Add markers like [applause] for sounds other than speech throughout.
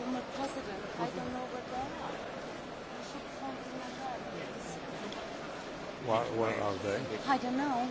former president. I don't know where they are. You should phone them are they? I don't know.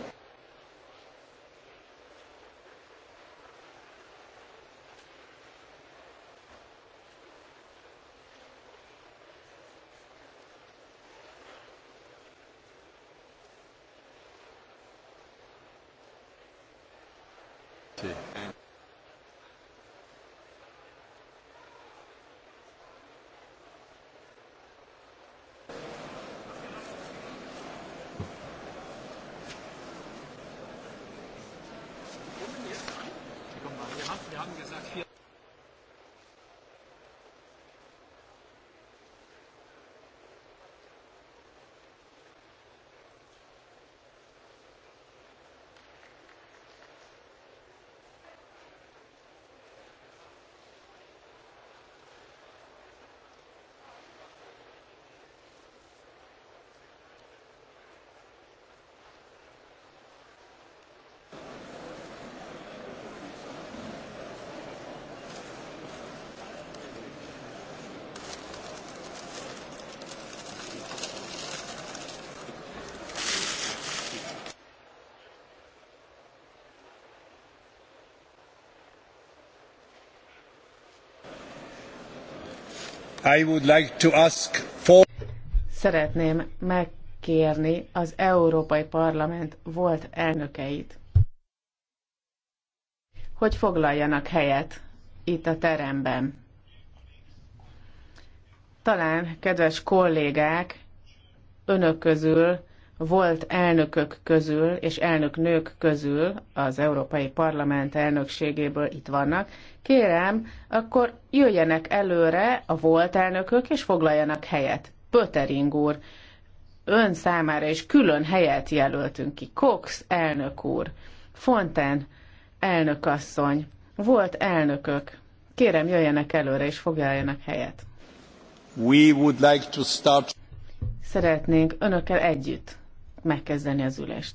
Szeretném megkérni az Európai Parlament volt elnökeit, hogy foglaljanak helyet itt a teremben. Talán, kedves kollégák, önök közül volt elnökök közül és elnök nők közül az Európai Parlament elnökségéből itt vannak, kérem, akkor jöjjenek előre a volt elnökök és foglaljanak helyet. Pötering úr, ön számára is külön helyet jelöltünk ki. Cox elnök úr, Fonten elnökasszony, volt elnökök. Kérem, jöjjenek előre és foglaljanak helyet. We would like to start... Szeretnénk önökkel együtt megkezdeni az ülést.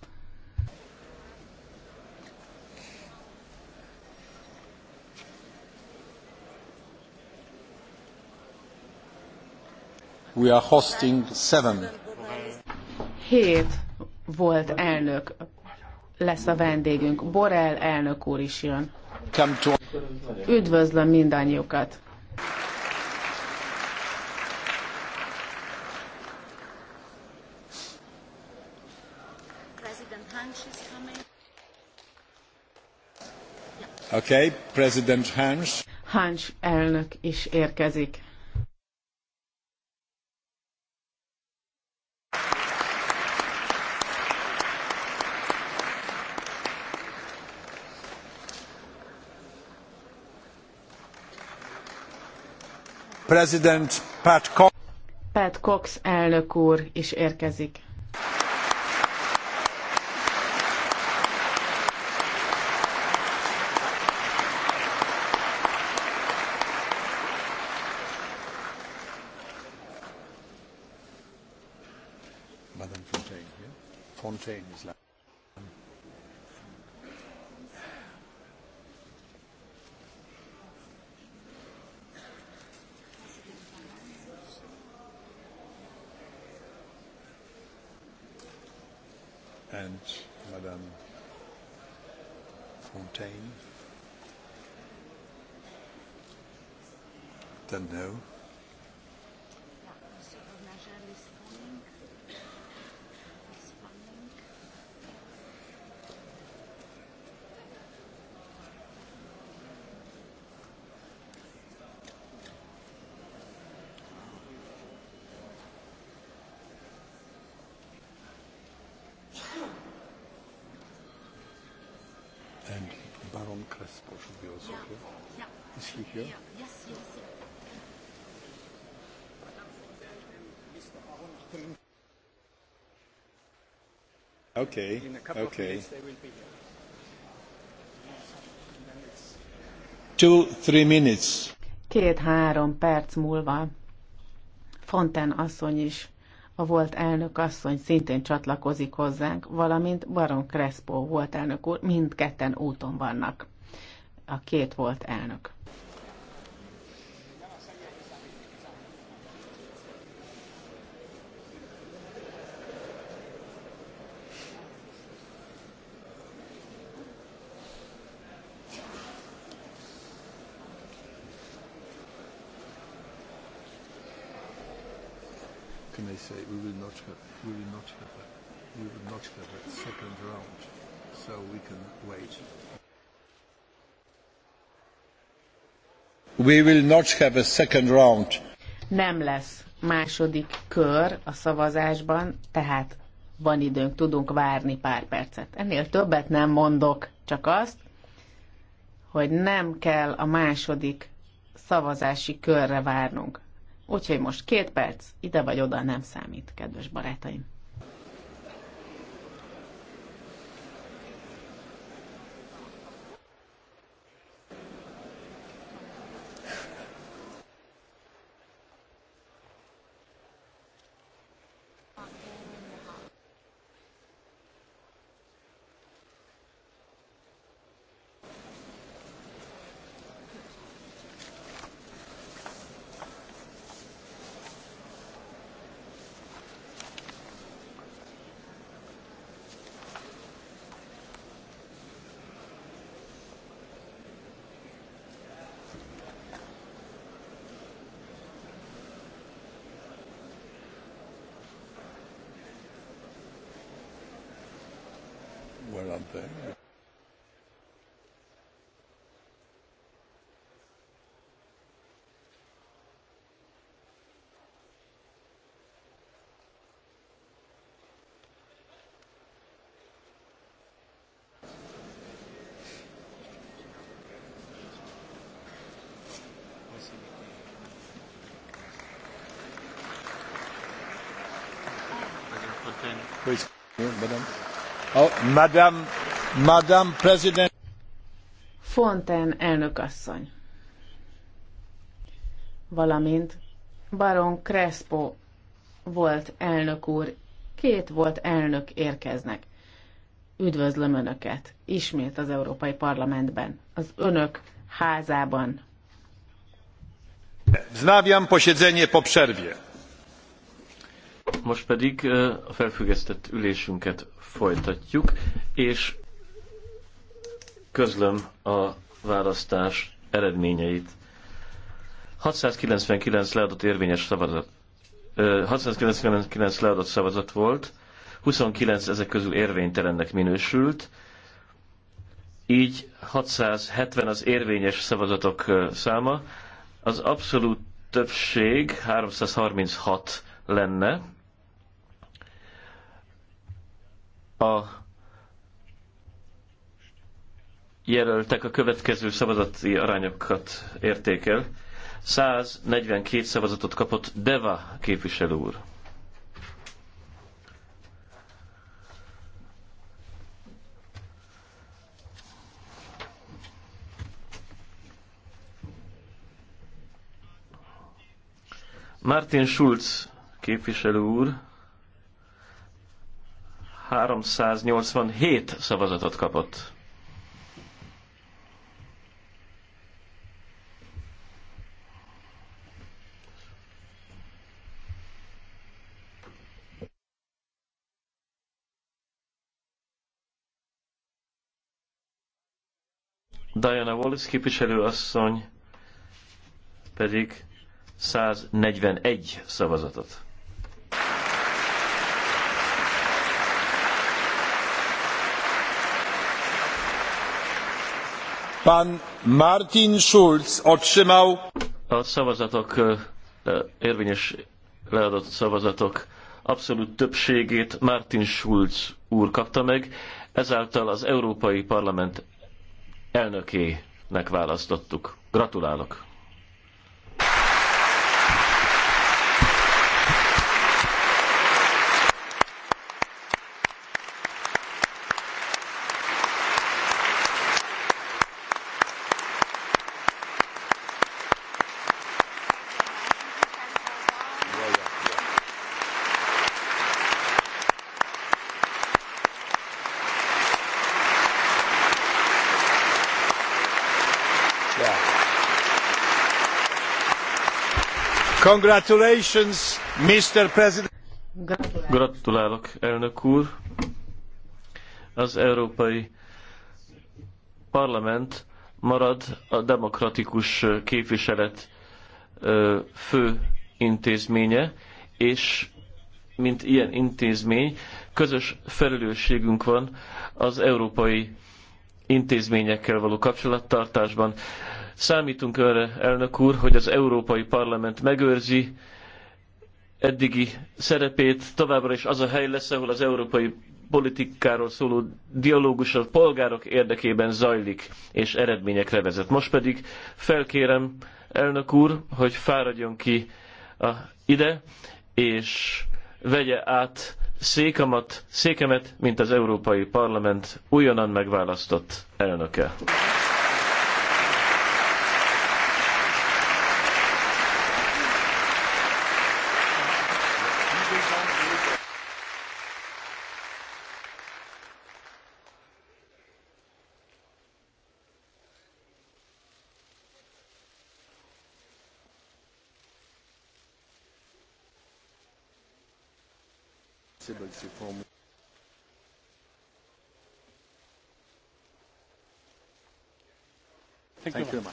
We are hosting seven. Hét volt elnök lesz a vendégünk. Borel elnök úr is jön. Üdvözlöm mindannyiukat! Okay, President Hans. Hans elnök is érkezik. President Pat Cox. Pat Cox elnök úr is érkezik. Okay. In a couple okay. of minutes they will be here. Two, three minutes. Két-három perc múlva Fonten asszony is, a volt elnök asszony szintén csatlakozik hozzánk, valamint Baron Crespo volt elnök úr, mindketten úton vannak. A két volt elnök. say we will not have we will not have a, we will not have a second round, so we can wait. We will not have a second round. Nem lesz második kör a szavazásban, tehát van időnk, tudunk várni pár percet. Ennél többet nem mondok, csak azt, hogy nem kell a második szavazási körre várnunk. Úgyhogy most két perc, ide vagy oda nem számít, kedves barátaim. Fonten elnök asszony, elnökasszony, valamint Baron Crespo volt elnök úr, két volt elnök érkeznek. Üdvözlöm Önöket ismét az Európai Parlamentben, az Önök házában. Znawiam posiedzenie po przerwie. Most pedig a felfüggesztett ülésünket folytatjuk, és közlöm a választás eredményeit. 699 leadott érvényes szavazat. 699 leadott szavazat volt, 29 ezek közül érvénytelennek minősült, így 670 az érvényes szavazatok száma, az abszolút többség 336 lenne, a jelöltek a következő szavazati arányokat értékel. 142 szavazatot kapott Deva képviselő úr. Martin Schulz képviselő úr 387 szavazatot kapott. Diana Wallace képviselőasszony pedig 141 szavazatot. Pan Martin Schulz otrzymał... A szavazatok, e, e, érvényes leadott szavazatok abszolút többségét Martin Schulz úr kapta meg, ezáltal az Európai Parlament elnökének választottuk. Gratulálok! Congratulations, Mr. President. Gratulálok, elnök úr. Az Európai Parlament marad a demokratikus képviselet fő intézménye, és mint ilyen intézmény, közös felelősségünk van az európai intézményekkel való kapcsolattartásban. Számítunk arra, elnök úr, hogy az Európai Parlament megőrzi eddigi szerepét. Továbbra is az a hely lesz, ahol az európai politikáról szóló dialógus a polgárok érdekében zajlik és eredményekre vezet. Most pedig felkérem elnök úr, hogy fáradjon ki a, ide, és vegye át székemet, székemet, mint az Európai Parlament újonnan megválasztott elnöke.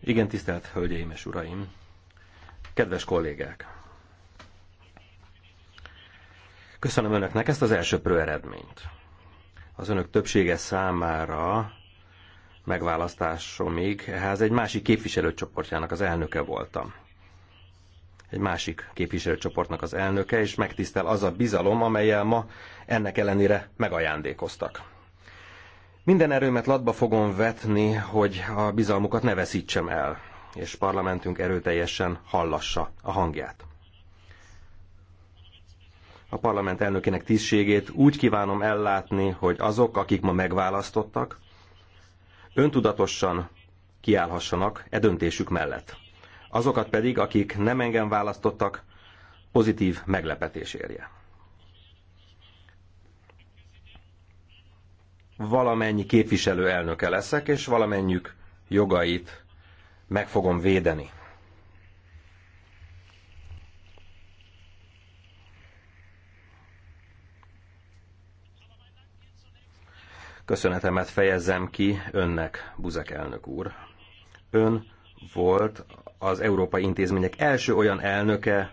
Igen, tisztelt Hölgyeim és Uraim! Kedves kollégák! Köszönöm Önöknek ezt az első eredményt Az Önök többsége számára még, ehhez hát egy másik képviselőcsoportjának az elnöke voltam. Egy másik képviselőcsoportnak az elnöke, és megtisztel az a bizalom, amelyel ma ennek ellenére megajándékoztak. Minden erőmet latba fogom vetni, hogy a bizalmukat ne veszítsem el, és parlamentünk erőteljesen hallassa a hangját. A parlament elnökének tisztségét úgy kívánom ellátni, hogy azok, akik ma megválasztottak, öntudatosan kiállhassanak e döntésük mellett. Azokat pedig, akik nem engem választottak, pozitív meglepetés érje. Valamennyi képviselő elnöke leszek, és valamennyiük jogait meg fogom védeni. Köszönetemet fejezem ki önnek, Buzek elnök úr. Ön volt az európai intézmények első olyan elnöke,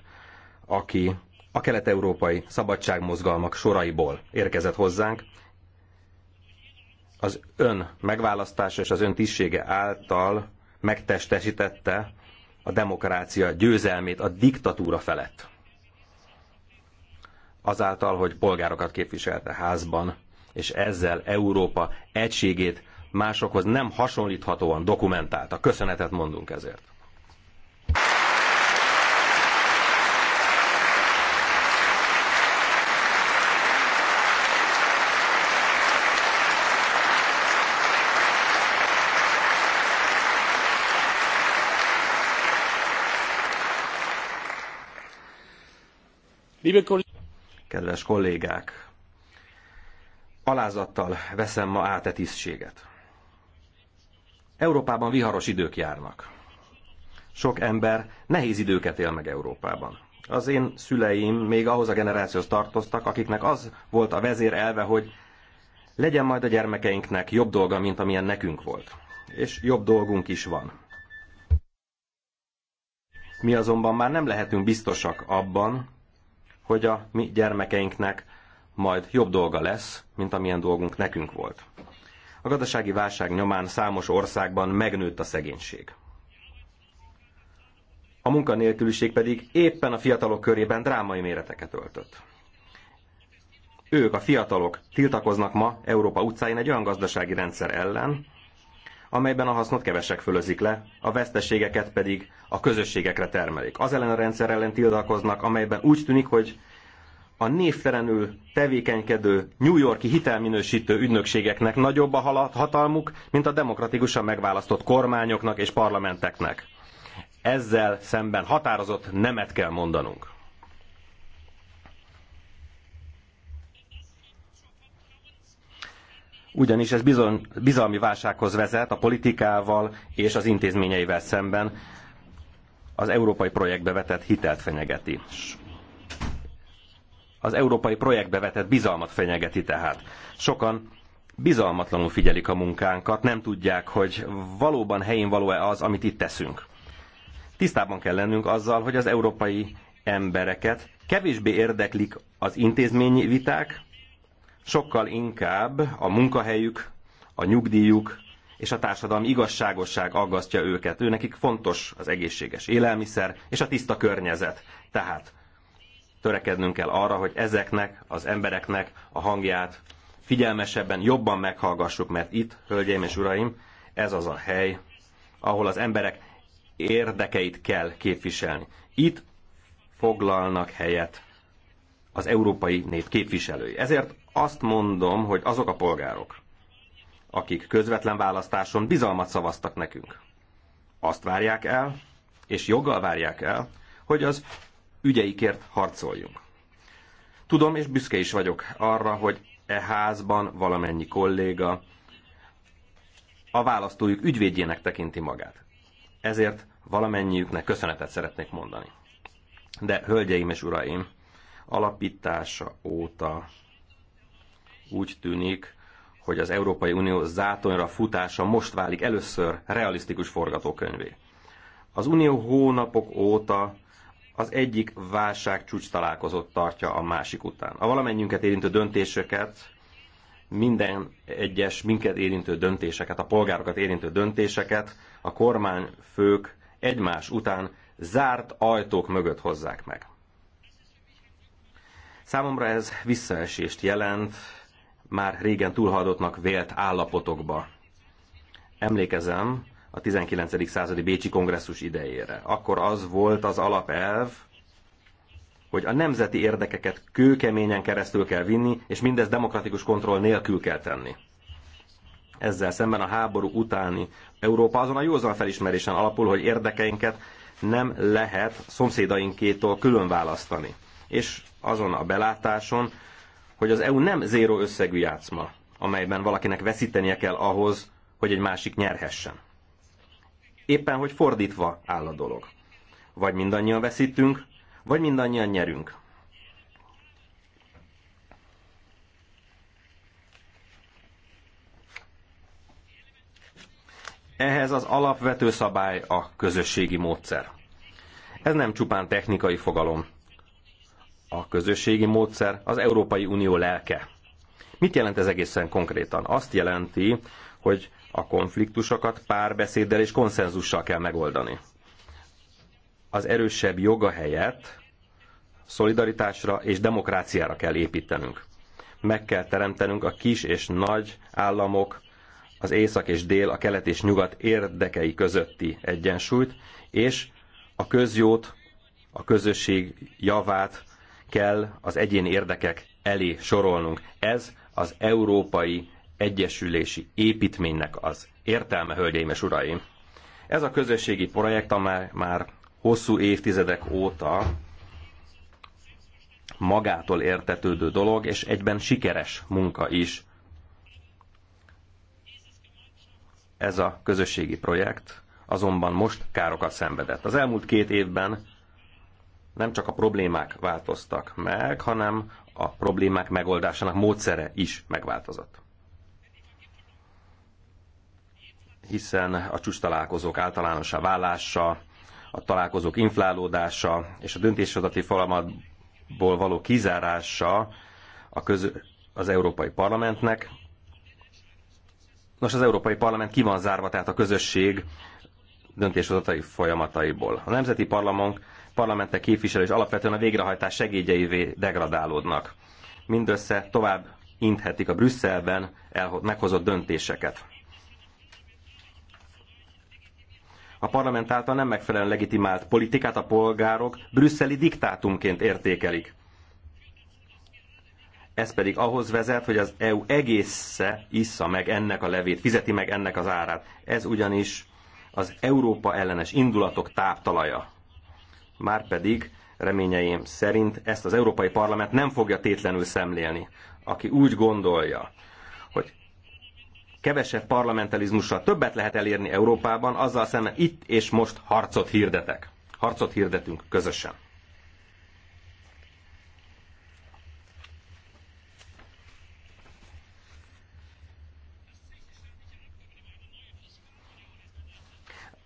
aki a kelet-európai szabadságmozgalmak soraiból érkezett hozzánk. Az ön megválasztása és az ön tisztsége által megtestesítette a demokrácia győzelmét a diktatúra felett. Azáltal, hogy polgárokat képviselte házban, és ezzel Európa egységét másokhoz nem hasonlíthatóan dokumentálta. Köszönetet mondunk ezért. Kedves kollégák, Alázattal veszem ma át e tisztséget. Európában viharos idők járnak. Sok ember nehéz időket él meg Európában. Az én szüleim még ahhoz a generációhoz tartoztak, akiknek az volt a vezér elve, hogy legyen majd a gyermekeinknek jobb dolga, mint amilyen nekünk volt. És jobb dolgunk is van. Mi azonban már nem lehetünk biztosak abban, hogy a mi gyermekeinknek majd jobb dolga lesz, mint amilyen dolgunk nekünk volt. A gazdasági válság nyomán számos országban megnőtt a szegénység. A munkanélküliség pedig éppen a fiatalok körében drámai méreteket öltött. Ők, a fiatalok tiltakoznak ma Európa utcáin egy olyan gazdasági rendszer ellen, amelyben a hasznot kevesek fölözik le, a veszteségeket pedig a közösségekre termelik. Az ellen a rendszer ellen tiltakoznak, amelyben úgy tűnik, hogy a névtelenül tevékenykedő New Yorki hitelminősítő ügynökségeknek nagyobb a hatalmuk, mint a demokratikusan megválasztott kormányoknak és parlamenteknek. Ezzel szemben határozott nemet kell mondanunk. Ugyanis ez bizony, bizalmi válsághoz vezet a politikával és az intézményeivel szemben, az európai projektbe vetett hitelt fenyegeti az európai projektbe vetett bizalmat fenyegeti tehát. Sokan bizalmatlanul figyelik a munkánkat, nem tudják, hogy valóban helyén való-e az, amit itt teszünk. Tisztában kell lennünk azzal, hogy az európai embereket kevésbé érdeklik az intézményi viták, sokkal inkább a munkahelyük, a nyugdíjuk és a társadalmi igazságosság aggasztja őket. Őnekik fontos az egészséges élelmiszer és a tiszta környezet. Tehát törekednünk kell arra, hogy ezeknek az embereknek a hangját figyelmesebben, jobban meghallgassuk, mert itt, hölgyeim és uraim, ez az a hely, ahol az emberek érdekeit kell képviselni. Itt foglalnak helyet az európai nép képviselői. Ezért azt mondom, hogy azok a polgárok, akik közvetlen választáson bizalmat szavaztak nekünk, azt várják el, és joggal várják el, hogy az ügyeikért harcoljunk. Tudom, és büszke is vagyok arra, hogy e házban valamennyi kolléga a választójuk ügyvédjének tekinti magát. Ezért valamennyiüknek köszönetet szeretnék mondani. De, hölgyeim és uraim, alapítása óta úgy tűnik, hogy az Európai Unió zátonyra futása most válik először realisztikus forgatókönyvé. Az Unió hónapok óta az egyik válság csúcs találkozott tartja a másik után. A valamennyünket érintő döntéseket, minden egyes minket érintő döntéseket, a polgárokat érintő döntéseket a kormányfők egymás után zárt ajtók mögött hozzák meg. Számomra ez visszaesést jelent, már régen túlhajdottnak vélt állapotokba. Emlékezem, a 19. századi Bécsi kongresszus idejére. Akkor az volt az alapelv, hogy a nemzeti érdekeket kőkeményen keresztül kell vinni, és mindez demokratikus kontroll nélkül kell tenni. Ezzel szemben a háború utáni Európa azon a józan felismerésen alapul, hogy érdekeinket nem lehet szomszédainkétól külön választani. És azon a belátáson, hogy az EU nem zéró összegű játszma, amelyben valakinek veszítenie kell ahhoz, hogy egy másik nyerhessen. Éppen, hogy fordítva áll a dolog. Vagy mindannyian veszítünk, vagy mindannyian nyerünk. Ehhez az alapvető szabály a közösségi módszer. Ez nem csupán technikai fogalom. A közösségi módszer az Európai Unió lelke. Mit jelent ez egészen konkrétan? Azt jelenti, hogy a konfliktusokat párbeszéddel és konszenzussal kell megoldani. Az erősebb joga helyett szolidaritásra és demokráciára kell építenünk. Meg kell teremtenünk a kis és nagy államok, az észak és dél, a kelet és nyugat érdekei közötti egyensúlyt, és a közjót, a közösség javát kell az egyén érdekek elé sorolnunk. Ez az európai egyesülési építménynek az értelme, hölgyeim és uraim. Ez a közösségi projekt, amely már hosszú évtizedek óta magától értetődő dolog, és egyben sikeres munka is. Ez a közösségi projekt azonban most károkat szenvedett. Az elmúlt két évben nem csak a problémák változtak meg, hanem a problémák megoldásának módszere is megváltozott. hiszen a csúcs találkozók általánosá válása, a találkozók inflálódása és a döntéshozati folyamatból való kizárása a köz, az Európai Parlamentnek. Nos, az Európai Parlament ki van zárva, tehát a közösség döntéshozatai folyamataiból. A nemzeti parlamentek, parlamentek képviselő és alapvetően a végrehajtás segédjeivé degradálódnak. Mindössze tovább inthetik a Brüsszelben elho- meghozott döntéseket. a parlament által nem megfelelően legitimált politikát a polgárok brüsszeli diktátumként értékelik. Ez pedig ahhoz vezet, hogy az EU egésze issza meg ennek a levét, fizeti meg ennek az árát. Ez ugyanis az Európa ellenes indulatok táptalaja. Márpedig reményeim szerint ezt az Európai Parlament nem fogja tétlenül szemlélni. Aki úgy gondolja, hogy kevesebb parlamentarizmussal többet lehet elérni Európában, azzal szemben itt és most harcot hirdetek. Harcot hirdetünk közösen.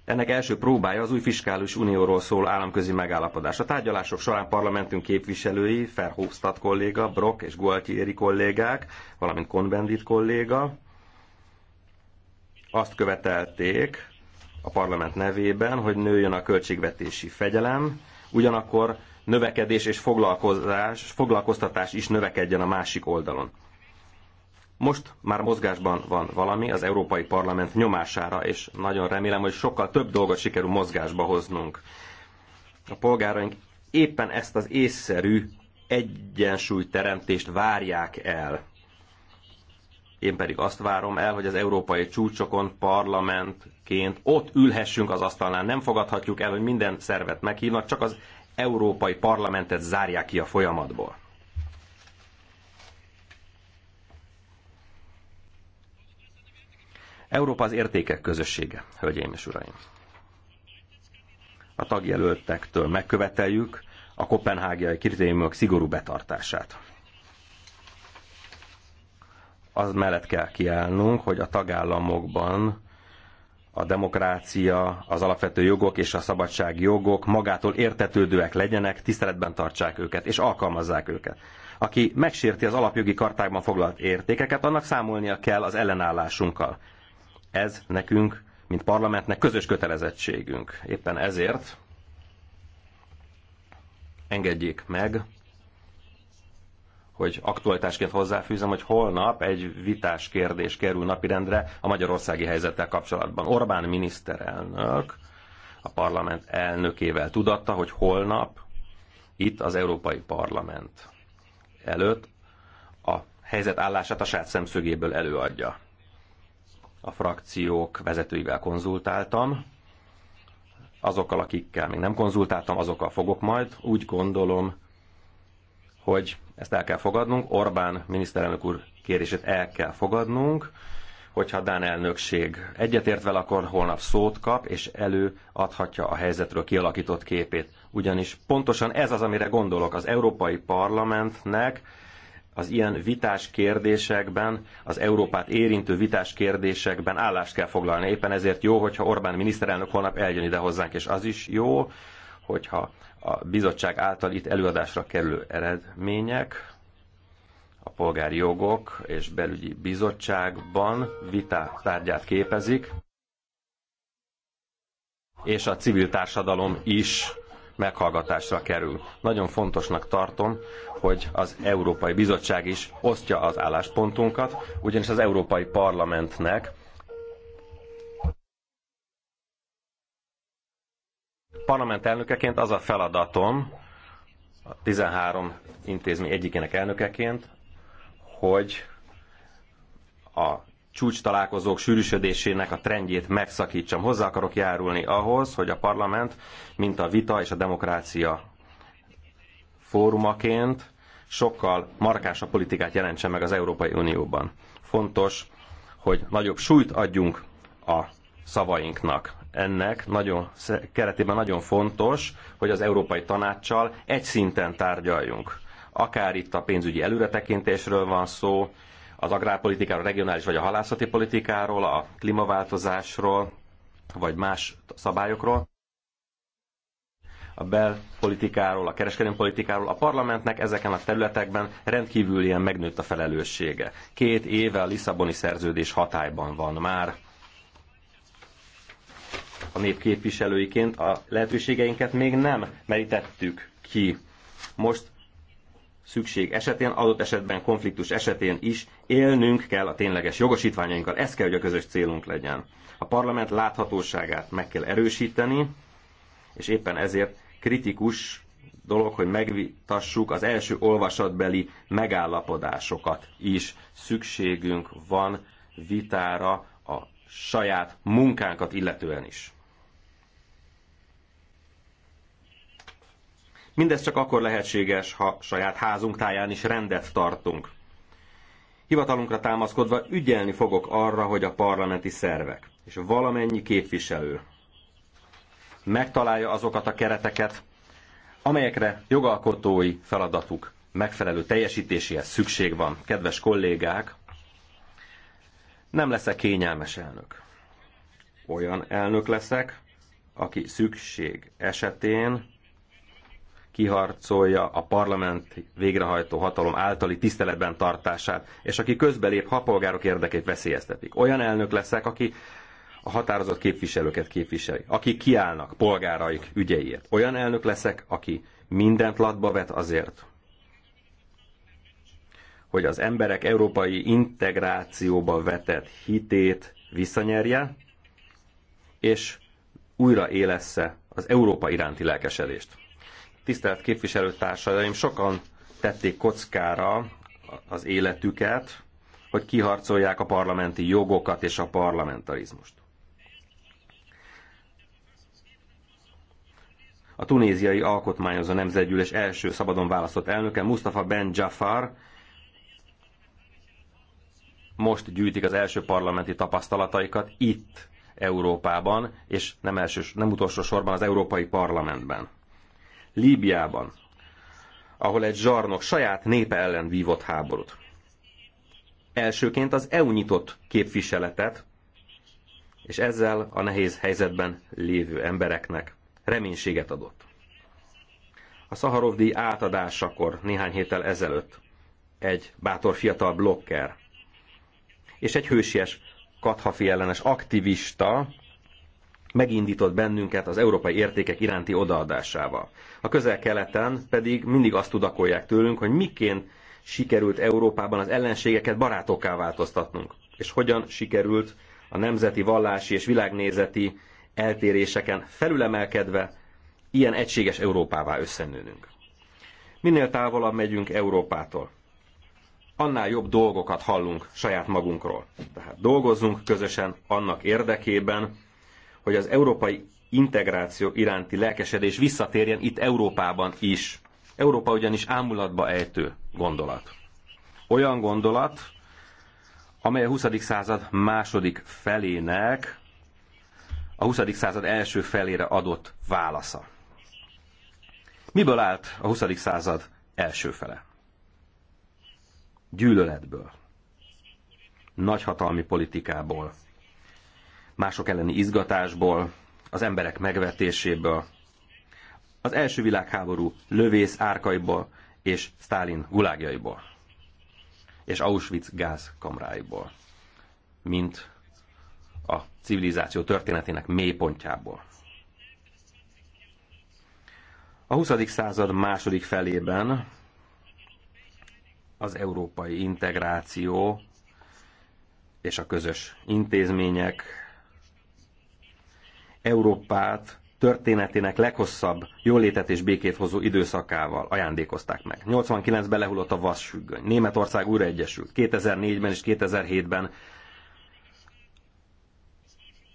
Ennek első próbája az új fiskális unióról szól államközi megállapodás. A tárgyalások során parlamentünk képviselői, Ferhofstadt kolléga, Brock és Gualtieri kollégák, valamint Konvendit kolléga, azt követelték a parlament nevében, hogy nőjön a költségvetési fegyelem, ugyanakkor növekedés és foglalkozás, foglalkoztatás is növekedjen a másik oldalon. Most már mozgásban van valami az Európai Parlament nyomására, és nagyon remélem, hogy sokkal több dolgot sikerül mozgásba hoznunk. A polgáraink éppen ezt az észszerű egyensúlyteremtést várják el. Én pedig azt várom el, hogy az európai csúcsokon parlamentként ott ülhessünk az asztalnál. Nem fogadhatjuk el, hogy minden szervet meghívnak, csak az európai parlamentet zárják ki a folyamatból. Európa az értékek közössége, hölgyeim és uraim. A tagjelöltektől megköveteljük a kopenhágiai kritériumok szigorú betartását az mellett kell kiállnunk, hogy a tagállamokban a demokrácia, az alapvető jogok és a szabadság jogok magától értetődőek legyenek, tiszteletben tartsák őket és alkalmazzák őket. Aki megsérti az alapjogi kartákban foglalt értékeket, annak számolnia kell az ellenállásunkkal. Ez nekünk, mint parlamentnek közös kötelezettségünk. Éppen ezért engedjék meg, hogy aktualitásként hozzáfűzem, hogy holnap egy vitás kérdés kerül napirendre a magyarországi helyzettel kapcsolatban. Orbán miniszterelnök a parlament elnökével tudatta, hogy holnap itt az Európai Parlament előtt a helyzet állását a saját szemszögéből előadja. A frakciók vezetőivel konzultáltam, azokkal, akikkel még nem konzultáltam, azokkal fogok majd. Úgy gondolom, hogy ezt el kell fogadnunk, Orbán miniszterelnök úr kérését el kell fogadnunk, hogyha a Dán elnökség egyetért vele, akkor holnap szót kap, és elő adhatja a helyzetről kialakított képét. Ugyanis pontosan ez az, amire gondolok, az Európai Parlamentnek az ilyen vitás kérdésekben, az Európát érintő vitás kérdésekben állást kell foglalni. Éppen ezért jó, hogyha Orbán miniszterelnök holnap eljön ide hozzánk, és az is jó, hogyha a bizottság által itt előadásra kerülő eredmények, a polgári jogok és belügyi bizottságban vita tárgyát képezik, és a civil társadalom is meghallgatásra kerül. Nagyon fontosnak tartom, hogy az Európai Bizottság is osztja az álláspontunkat, ugyanis az Európai Parlamentnek Parlament elnökeként az a feladatom, a 13 intézmény egyikének elnökeként, hogy a csúcs találkozók sűrűsödésének a trendjét megszakítsam. Hozzá akarok járulni ahhoz, hogy a parlament, mint a vita és a demokrácia fórumaként sokkal markánsabb politikát jelentsen meg az Európai Unióban. Fontos, hogy nagyobb súlyt adjunk a szavainknak ennek nagyon, keretében nagyon fontos, hogy az Európai Tanácssal egy szinten tárgyaljunk. Akár itt a pénzügyi előretekintésről van szó, az agrárpolitikáról, a regionális vagy a halászati politikáról, a klímaváltozásról, vagy más szabályokról, a belpolitikáról, a kereskedelmi politikáról. A parlamentnek ezeken a területekben rendkívül ilyen megnőtt a felelőssége. Két éve a Lisszaboni szerződés hatályban van már a nép képviselőiként a lehetőségeinket még nem merítettük ki. Most szükség esetén, adott esetben konfliktus esetén is élnünk kell a tényleges jogosítványainkkal. Ez kell, hogy a közös célunk legyen. A parlament láthatóságát meg kell erősíteni, és éppen ezért kritikus dolog, hogy megvitassuk az első olvasatbeli megállapodásokat is. Szükségünk van vitára a saját munkánkat illetően is. Mindez csak akkor lehetséges, ha saját házunk táján is rendet tartunk. Hivatalunkra támaszkodva ügyelni fogok arra, hogy a parlamenti szervek és valamennyi képviselő megtalálja azokat a kereteket, amelyekre jogalkotói feladatuk megfelelő teljesítéséhez szükség van. Kedves kollégák, nem leszek kényelmes elnök. Olyan elnök leszek, aki szükség esetén kiharcolja a parlament végrehajtó hatalom általi tiszteletben tartását, és aki közbelép, ha a polgárok érdekét veszélyeztetik. Olyan elnök leszek, aki a határozott képviselőket képviseli, Aki kiállnak polgáraik ügyeiért. Olyan elnök leszek, aki mindent latba vet azért, hogy az emberek európai integrációba vetett hitét visszanyerje, és újra élesse az Európa iránti lelkesedést. Tisztelt képviselőtársaim, sokan tették kockára az életüket, hogy kiharcolják a parlamenti jogokat és a parlamentarizmust. A tunéziai alkotmányozó nemzetgyűlés első szabadon választott elnöke Mustafa Ben Jafar most gyűjtik az első parlamenti tapasztalataikat itt, Európában, és nem, első, nem utolsó sorban az Európai Parlamentben. Líbiában, ahol egy zsarnok saját népe ellen vívott háborút. Elsőként az EU nyitott képviseletet, és ezzel a nehéz helyzetben lévő embereknek reménységet adott. A Szaharov díj átadásakor néhány héttel ezelőtt egy bátor fiatal blokker és egy hősies Kathafi ellenes aktivista megindított bennünket az európai értékek iránti odaadásával. A közel-keleten pedig mindig azt tudakolják tőlünk, hogy miként sikerült Európában az ellenségeket barátokká változtatnunk, és hogyan sikerült a nemzeti, vallási és világnézeti eltéréseken felülemelkedve ilyen egységes Európává összenőnünk. Minél távolabb megyünk Európától, annál jobb dolgokat hallunk saját magunkról. Tehát dolgozzunk közösen annak érdekében, hogy az európai integráció iránti lelkesedés visszatérjen itt Európában is. Európa ugyanis ámulatba ejtő gondolat. Olyan gondolat, amely a 20. század második felének a 20. század első felére adott válasza. Miből állt a 20. század első fele? gyűlöletből, nagyhatalmi politikából, mások elleni izgatásból, az emberek megvetéséből, az első világháború lövész árkaiból és Stálin gulágjaiból, és Auschwitz gázkamráiból, mint a civilizáció történetének mélypontjából. A 20. század második felében az európai integráció és a közös intézmények Európát történetének leghosszabb jólétet és békét hozó időszakával ajándékozták meg. 89-ben lehullott a vasfüggöny. Németország újra egyesült. 2004-ben és 2007-ben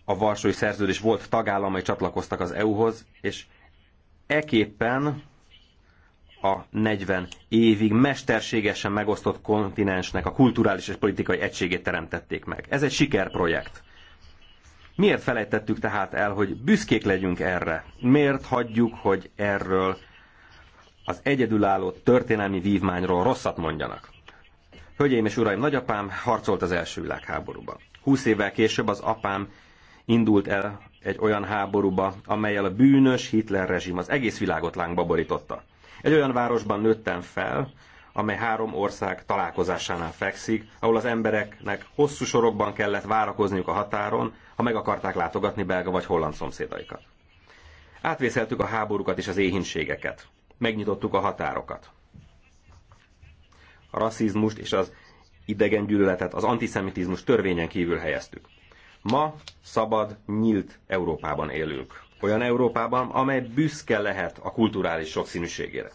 a Varsói Szerződés volt tagállamai csatlakoztak az EU-hoz, és eképpen a 40 évig mesterségesen megosztott kontinensnek a kulturális és politikai egységét teremtették meg. Ez egy sikerprojekt. Miért felejtettük tehát el, hogy büszkék legyünk erre? Miért hagyjuk, hogy erről az egyedülálló történelmi vívmányról rosszat mondjanak? Hölgyeim és uraim, nagyapám harcolt az első világháborúban. Húsz évvel később az apám indult el egy olyan háborúba, amelyel a bűnös Hitler rezsim az egész világot lángba borította. Egy olyan városban nőttem fel, amely három ország találkozásánál fekszik, ahol az embereknek hosszú sorokban kellett várakozniuk a határon, ha meg akarták látogatni belga vagy holland szomszédaikat. Átvészeltük a háborúkat és az éhinségeket. Megnyitottuk a határokat. A rasszizmust és az idegen gyűlöletet, az antiszemitizmus törvényen kívül helyeztük. Ma szabad, nyílt Európában élünk olyan Európában, amely büszke lehet a kulturális sokszínűségére.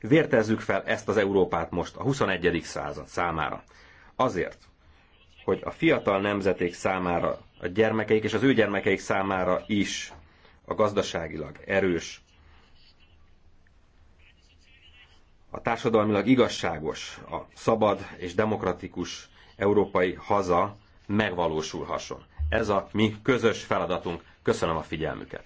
Vértezzük fel ezt az Európát most a 21. század számára. Azért, hogy a fiatal nemzeték számára, a gyermekeik és az ő gyermekeik számára is a gazdaságilag erős, a társadalmilag igazságos, a szabad és demokratikus európai haza megvalósulhasson. Ez a mi közös feladatunk. Köszönöm a figyelmüket.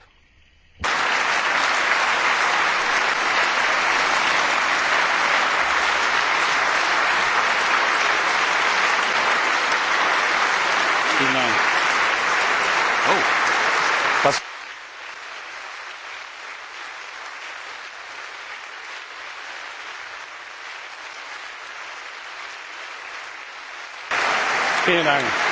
Vielen Dank.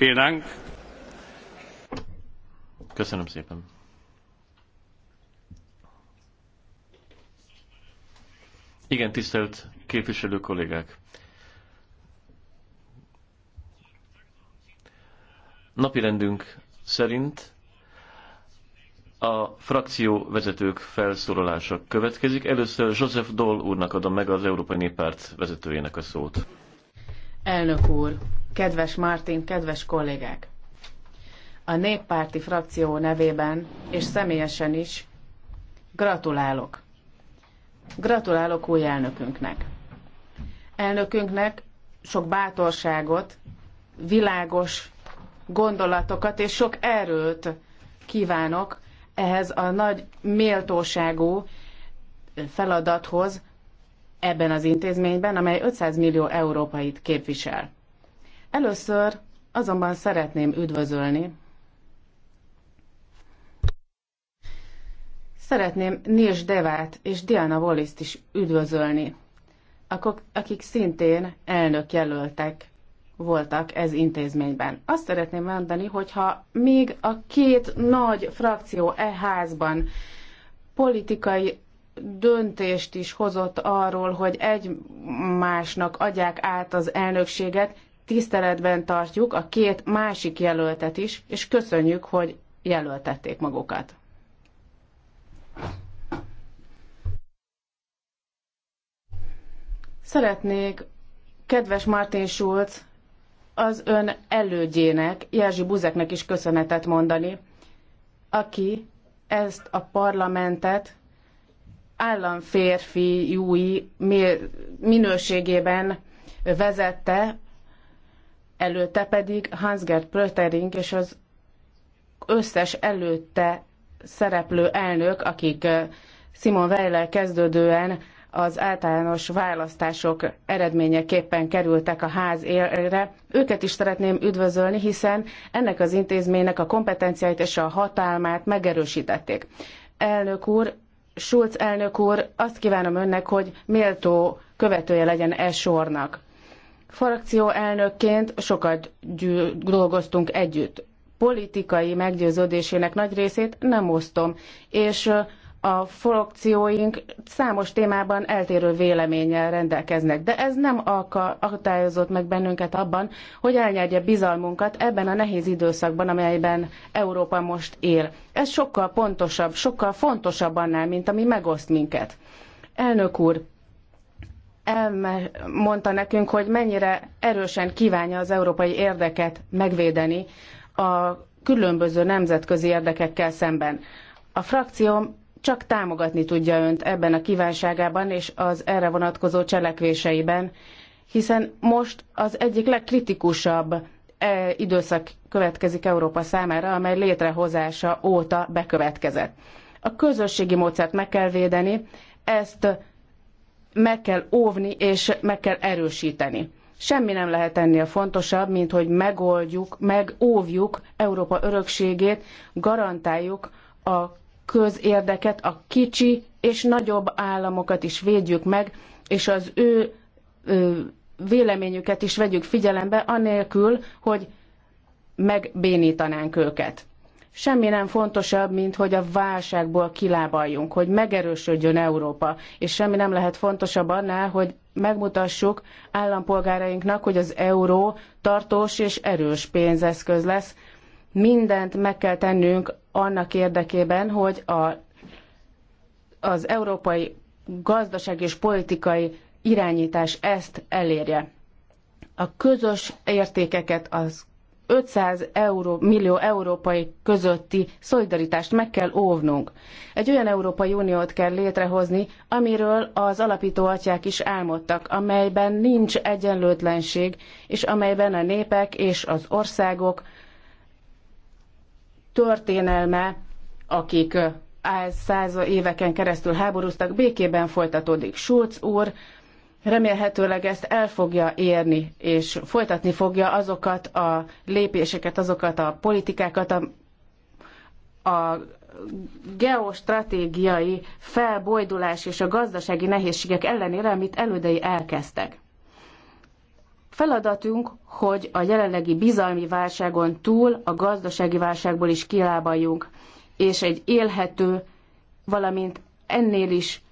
Vielen Köszönöm szépen. Igen, tisztelt képviselő kollégák. Napirendünk szerint a frakció vezetők felszólalása következik. Először Joseph Doll úrnak adom meg az Európai Néppárt vezetőjének a szót. Elnök úr, Kedves Martin, kedves kollégák! A néppárti frakció nevében és személyesen is gratulálok. Gratulálok új elnökünknek. Elnökünknek sok bátorságot, világos gondolatokat és sok erőt kívánok ehhez a nagy méltóságú feladathoz ebben az intézményben, amely 500 millió európait képvisel. Először azonban szeretném üdvözölni, szeretném Nils Devát és Diana Wallis-t is üdvözölni, akik szintén elnök jelöltek voltak ez intézményben. Azt szeretném mondani, hogyha még a két nagy frakció e házban politikai döntést is hozott arról, hogy egymásnak adják át az elnökséget, tiszteletben tartjuk a két másik jelöltet is, és köszönjük, hogy jelöltették magukat. Szeretnék, kedves Martin Schulz, az ön elődjének, Jerzy Buzeknek is köszönetet mondani, aki ezt a parlamentet államférfi júi minőségében vezette előtte pedig Hans-Gerd és az összes előtte szereplő elnök, akik Simon Weil kezdődően az általános választások eredményeképpen kerültek a ház élre. Őket is szeretném üdvözölni, hiszen ennek az intézménynek a kompetenciáit és a hatalmát megerősítették. Elnök úr, Schulz elnök úr, azt kívánom önnek, hogy méltó követője legyen e sornak. Frakció elnökként sokat gyűl- dolgoztunk együtt. Politikai meggyőződésének nagy részét nem osztom, és a frakcióink számos témában eltérő véleménnyel rendelkeznek, de ez nem akadályozott meg bennünket abban, hogy elnyerje bizalmunkat ebben a nehéz időszakban, amelyben Európa most él. Ez sokkal pontosabb, sokkal fontosabb annál, mint ami megoszt minket. Elnök úr, elmondta nekünk, hogy mennyire erősen kívánja az európai érdeket megvédeni a különböző nemzetközi érdekekkel szemben. A frakcióm csak támogatni tudja önt ebben a kívánságában és az erre vonatkozó cselekvéseiben, hiszen most az egyik legkritikusabb e, időszak következik Európa számára, amely létrehozása óta bekövetkezett. A közösségi módszert meg kell védeni, ezt meg kell óvni és meg kell erősíteni. Semmi nem lehet ennél fontosabb, mint hogy megoldjuk, megóvjuk Európa örökségét, garantáljuk a közérdeket, a kicsi és nagyobb államokat is védjük meg, és az ő véleményüket is vegyük figyelembe, anélkül, hogy megbénítanánk őket. Semmi nem fontosabb, mint hogy a válságból kilábaljunk, hogy megerősödjön Európa, és semmi nem lehet fontosabb annál, hogy megmutassuk állampolgárainknak, hogy az euró tartós és erős pénzeszköz lesz. Mindent meg kell tennünk annak érdekében, hogy a, az európai gazdaság és politikai irányítás ezt elérje. A közös értékeket, az 500 euró, millió európai közötti szolidaritást meg kell óvnunk. Egy olyan Európai Uniót kell létrehozni, amiről az alapító atyák is álmodtak, amelyben nincs egyenlőtlenség, és amelyben a népek és az országok történelme, akik száz éveken keresztül háborúztak, békében folytatódik. Schulz úr remélhetőleg ezt el fogja érni, és folytatni fogja azokat a lépéseket, azokat a politikákat, a, a geostratégiai felbojdulás és a gazdasági nehézségek ellenére, amit elődei elkezdtek. Feladatunk, hogy a jelenlegi bizalmi válságon túl a gazdasági válságból is kilábaljunk, és egy élhető, valamint ennél is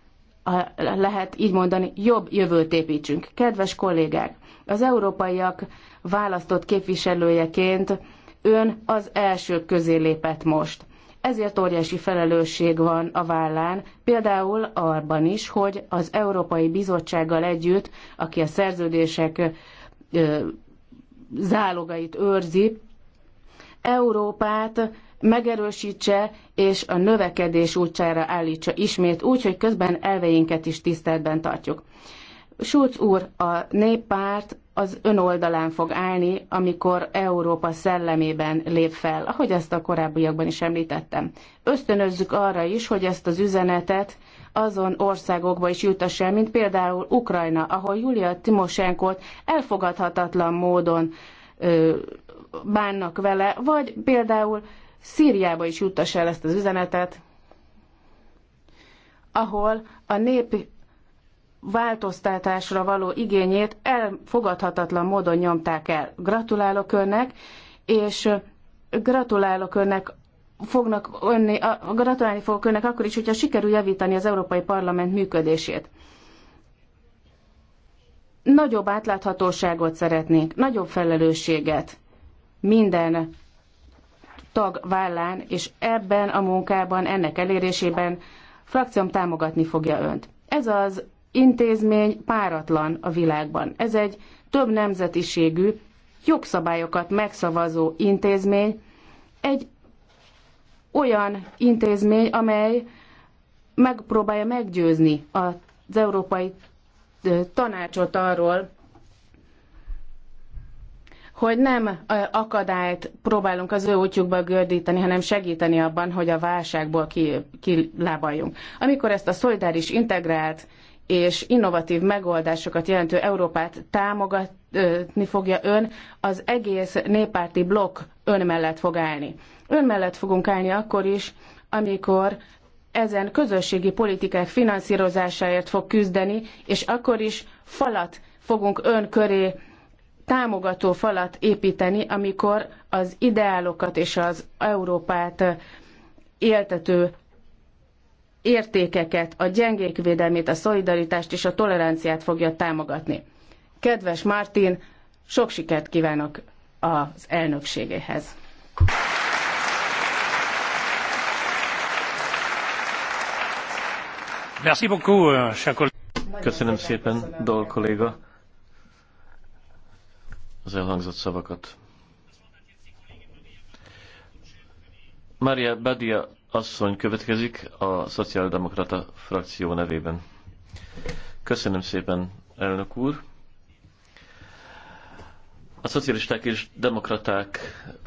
lehet így mondani, jobb jövőt építsünk. Kedves kollégák, az európaiak választott képviselőjeként ön az első közé lépett most. Ezért óriási felelősség van a vállán, például arban is, hogy az Európai Bizottsággal együtt, aki a szerződések zálogait őrzi, Európát megerősítse és a növekedés útjára állítsa ismét úgy, hogy közben elveinket is tiszteletben tartjuk. Schulz úr, a néppárt az ön oldalán fog állni, amikor Európa szellemében lép fel, ahogy ezt a korábbiakban is említettem. Ösztönözzük arra is, hogy ezt az üzenetet azon országokba is jutass el, mint például Ukrajna, ahol Julia Timosenkot elfogadhatatlan módon ö, bánnak vele, vagy például Szíriába is juttas el ezt az üzenetet, ahol a nép változtatásra való igényét elfogadhatatlan módon nyomták el. Gratulálok önnek, és gratulálok önnek fognak önni, a, gratulálni fogok önnek akkor is, hogyha sikerül javítani az Európai Parlament működését. Nagyobb átláthatóságot szeretnék, nagyobb felelősséget minden tag vállán, és ebben a munkában, ennek elérésében frakcióm támogatni fogja önt. Ez az intézmény páratlan a világban. Ez egy több nemzetiségű, jogszabályokat megszavazó intézmény, egy olyan intézmény, amely megpróbálja meggyőzni az európai tanácsot arról, hogy nem akadályt próbálunk az ő útjukba gördíteni, hanem segíteni abban, hogy a válságból kilábaljunk. Ki Amikor ezt a szolidáris, integrált és innovatív megoldásokat jelentő Európát támogatni fogja ön, az egész néppárti blokk ön mellett fog állni. Ön mellett fogunk állni akkor is, amikor ezen közösségi politikák finanszírozásáért fog küzdeni, és akkor is falat fogunk ön köré támogató falat építeni, amikor az ideálokat és az Európát éltető értékeket, a gyengék védelmét, a szolidaritást és a toleranciát fogja támogatni. Kedves Martin, sok sikert kívánok az elnökségéhez. Euh, Köszönöm szépen, Dol kolléga az elhangzott szavakat. Maria Badia asszony következik a Szociáldemokrata frakció nevében. Köszönöm szépen, elnök úr! A Szocialisták és Demokraták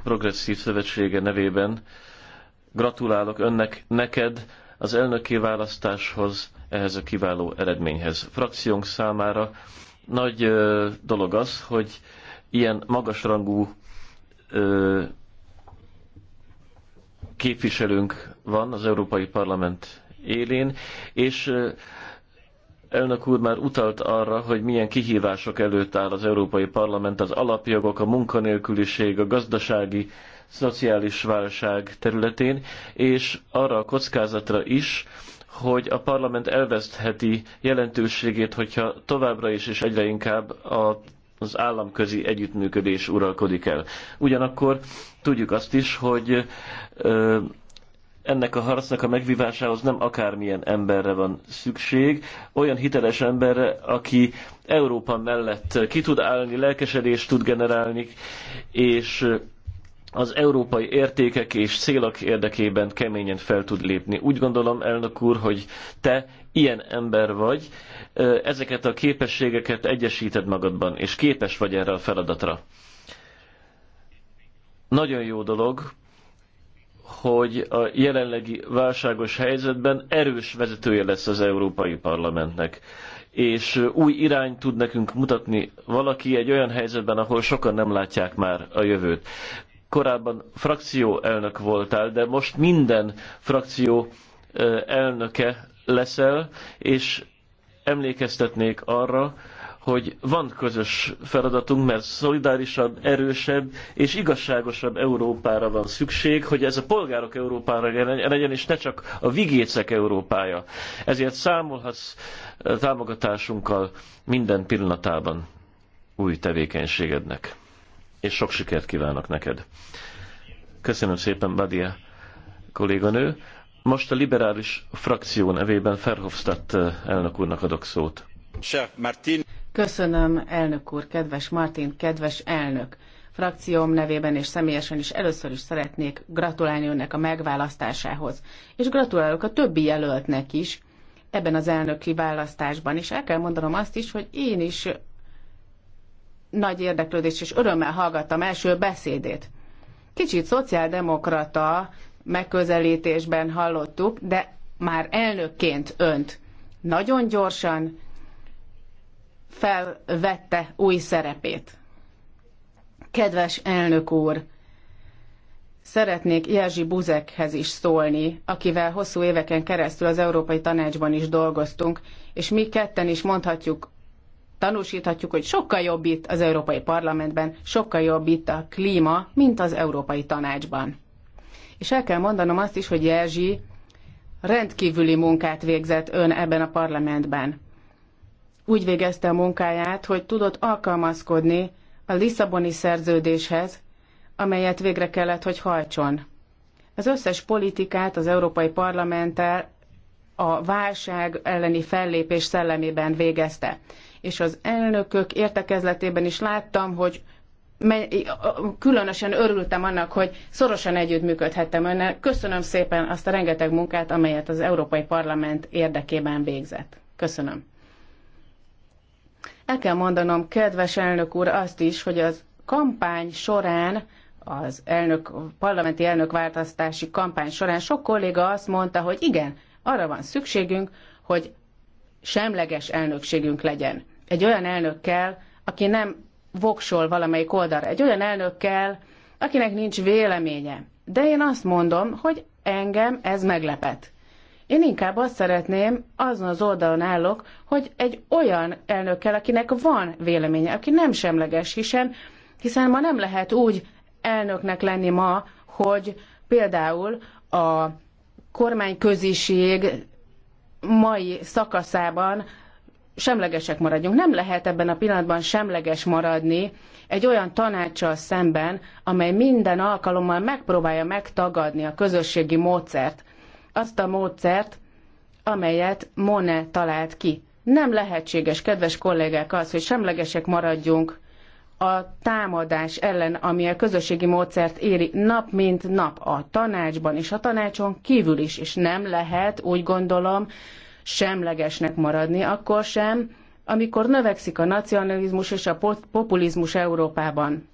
Progresszív Szövetsége nevében gratulálok önnek, neked az elnöki választáshoz, ehhez a kiváló eredményhez. Frakciónk számára nagy dolog az, hogy ilyen magasrangú ö, képviselőnk van az Európai Parlament élén, és ö, elnök úr már utalt arra, hogy milyen kihívások előtt áll az Európai Parlament az alapjogok, a munkanélküliség, a gazdasági, szociális válság területén, és arra a kockázatra is, hogy a parlament elvesztheti jelentőségét, hogyha továbbra is és egyre inkább a az államközi együttműködés uralkodik el. Ugyanakkor tudjuk azt is, hogy ö, ennek a harcnak a megvívásához nem akármilyen emberre van szükség, olyan hiteles emberre, aki Európa mellett ki tud állni, lelkesedést tud generálni, és az európai értékek és célak érdekében keményen fel tud lépni. Úgy gondolom, elnök úr, hogy te ilyen ember vagy, ezeket a képességeket egyesíted magadban, és képes vagy erre a feladatra. Nagyon jó dolog, hogy a jelenlegi válságos helyzetben erős vezetője lesz az Európai Parlamentnek és új irányt tud nekünk mutatni valaki egy olyan helyzetben, ahol sokan nem látják már a jövőt korábban frakcióelnök voltál, de most minden frakció elnöke leszel, és emlékeztetnék arra, hogy van közös feladatunk, mert szolidárisabb, erősebb és igazságosabb Európára van szükség, hogy ez a polgárok Európára legyen, és ne csak a vigécek Európája. Ezért számolhatsz támogatásunkkal minden pillanatában új tevékenységednek és sok sikert kívánok neked. Köszönöm szépen, Badia kolléganő. Most a liberális frakció nevében Ferhofstadt elnök úrnak adok szót. Martin. Köszönöm, elnök úr, kedves Martin, kedves elnök. Frakcióm nevében és személyesen is először is szeretnék gratulálni önnek a megválasztásához, és gratulálok a többi jelöltnek is, ebben az elnöki választásban, és el kell mondanom azt is, hogy én is nagy érdeklődés és örömmel hallgattam első beszédét. Kicsit szociáldemokrata megközelítésben hallottuk, de már elnökként önt nagyon gyorsan felvette új szerepét. Kedves elnök úr, szeretnék Jerzy Buzekhez is szólni, akivel hosszú éveken keresztül az Európai Tanácsban is dolgoztunk, és mi ketten is mondhatjuk tanúsíthatjuk, hogy sokkal jobb itt az Európai Parlamentben, sokkal jobb itt a klíma, mint az Európai Tanácsban. És el kell mondanom azt is, hogy Jerzy rendkívüli munkát végzett ön ebben a parlamentben. Úgy végezte a munkáját, hogy tudott alkalmazkodni a Lisszaboni szerződéshez, amelyet végre kellett, hogy hajtson. Az összes politikát az Európai Parlamenttel a válság elleni fellépés szellemében végezte és az elnökök értekezletében is láttam, hogy különösen örültem annak, hogy szorosan együttműködhettem önnel. Köszönöm szépen azt a rengeteg munkát, amelyet az Európai Parlament érdekében végzett. Köszönöm. El kell mondanom, kedves elnök úr, azt is, hogy az kampány során az elnök, parlamenti elnök választási kampány során sok kolléga azt mondta, hogy igen, arra van szükségünk, hogy semleges elnökségünk legyen egy olyan elnökkel, aki nem voksol valamelyik oldalra, egy olyan elnökkel, akinek nincs véleménye. De én azt mondom, hogy engem ez meglepet. Én inkább azt szeretném, azon az oldalon állok, hogy egy olyan elnökkel, akinek van véleménye, aki nem semleges, hiszen, hiszen ma nem lehet úgy elnöknek lenni ma, hogy például a kormányköziség mai szakaszában semlegesek maradjunk. Nem lehet ebben a pillanatban semleges maradni egy olyan tanácssal szemben, amely minden alkalommal megpróbálja megtagadni a közösségi módszert. Azt a módszert, amelyet Monet talált ki. Nem lehetséges, kedves kollégák, az, hogy semlegesek maradjunk a támadás ellen, ami a közösségi módszert éri nap mint nap a tanácsban és a tanácson kívül is, és nem lehet, úgy gondolom, semlegesnek maradni, akkor sem, amikor növekszik a nacionalizmus és a populizmus Európában,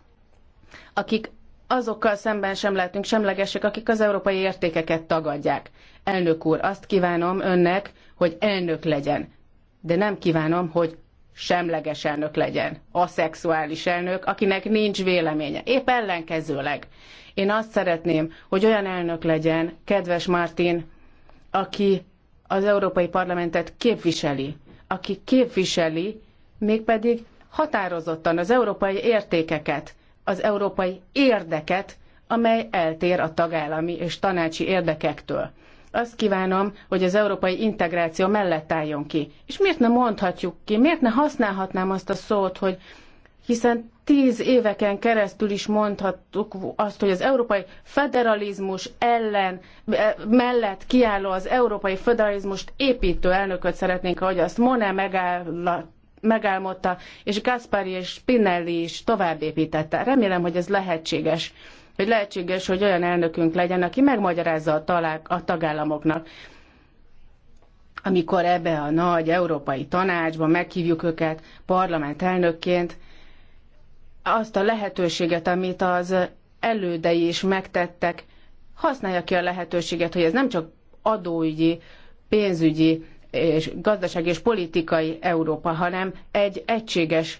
akik azokkal szemben sem lehetünk semlegesek, akik az európai értékeket tagadják. Elnök úr, azt kívánom önnek, hogy elnök legyen, de nem kívánom, hogy semleges elnök legyen, aszexuális elnök, akinek nincs véleménye. Épp ellenkezőleg. Én azt szeretném, hogy olyan elnök legyen, kedves Martin, aki az Európai Parlamentet képviseli, aki képviseli, mégpedig határozottan az európai értékeket, az európai érdeket, amely eltér a tagállami és tanácsi érdekektől. Azt kívánom, hogy az európai integráció mellett álljon ki. És miért ne mondhatjuk ki, miért ne használhatnám azt a szót, hogy hiszen tíz éveken keresztül is mondhattuk azt, hogy az európai federalizmus ellen, eh, mellett kiálló az európai federalizmust építő elnököt szeretnénk, ahogy azt Monet megáll, megálmodta, és Gaspari és Spinelli is tovább építette. Remélem, hogy ez lehetséges hogy lehetséges, hogy olyan elnökünk legyen, aki megmagyarázza a, talál, a tagállamoknak, amikor ebbe a nagy európai tanácsba meghívjuk őket parlament elnökként, azt a lehetőséget, amit az elődei is megtettek, használja ki a lehetőséget, hogy ez nem csak adóügyi, pénzügyi, és gazdasági és politikai Európa, hanem egy egységes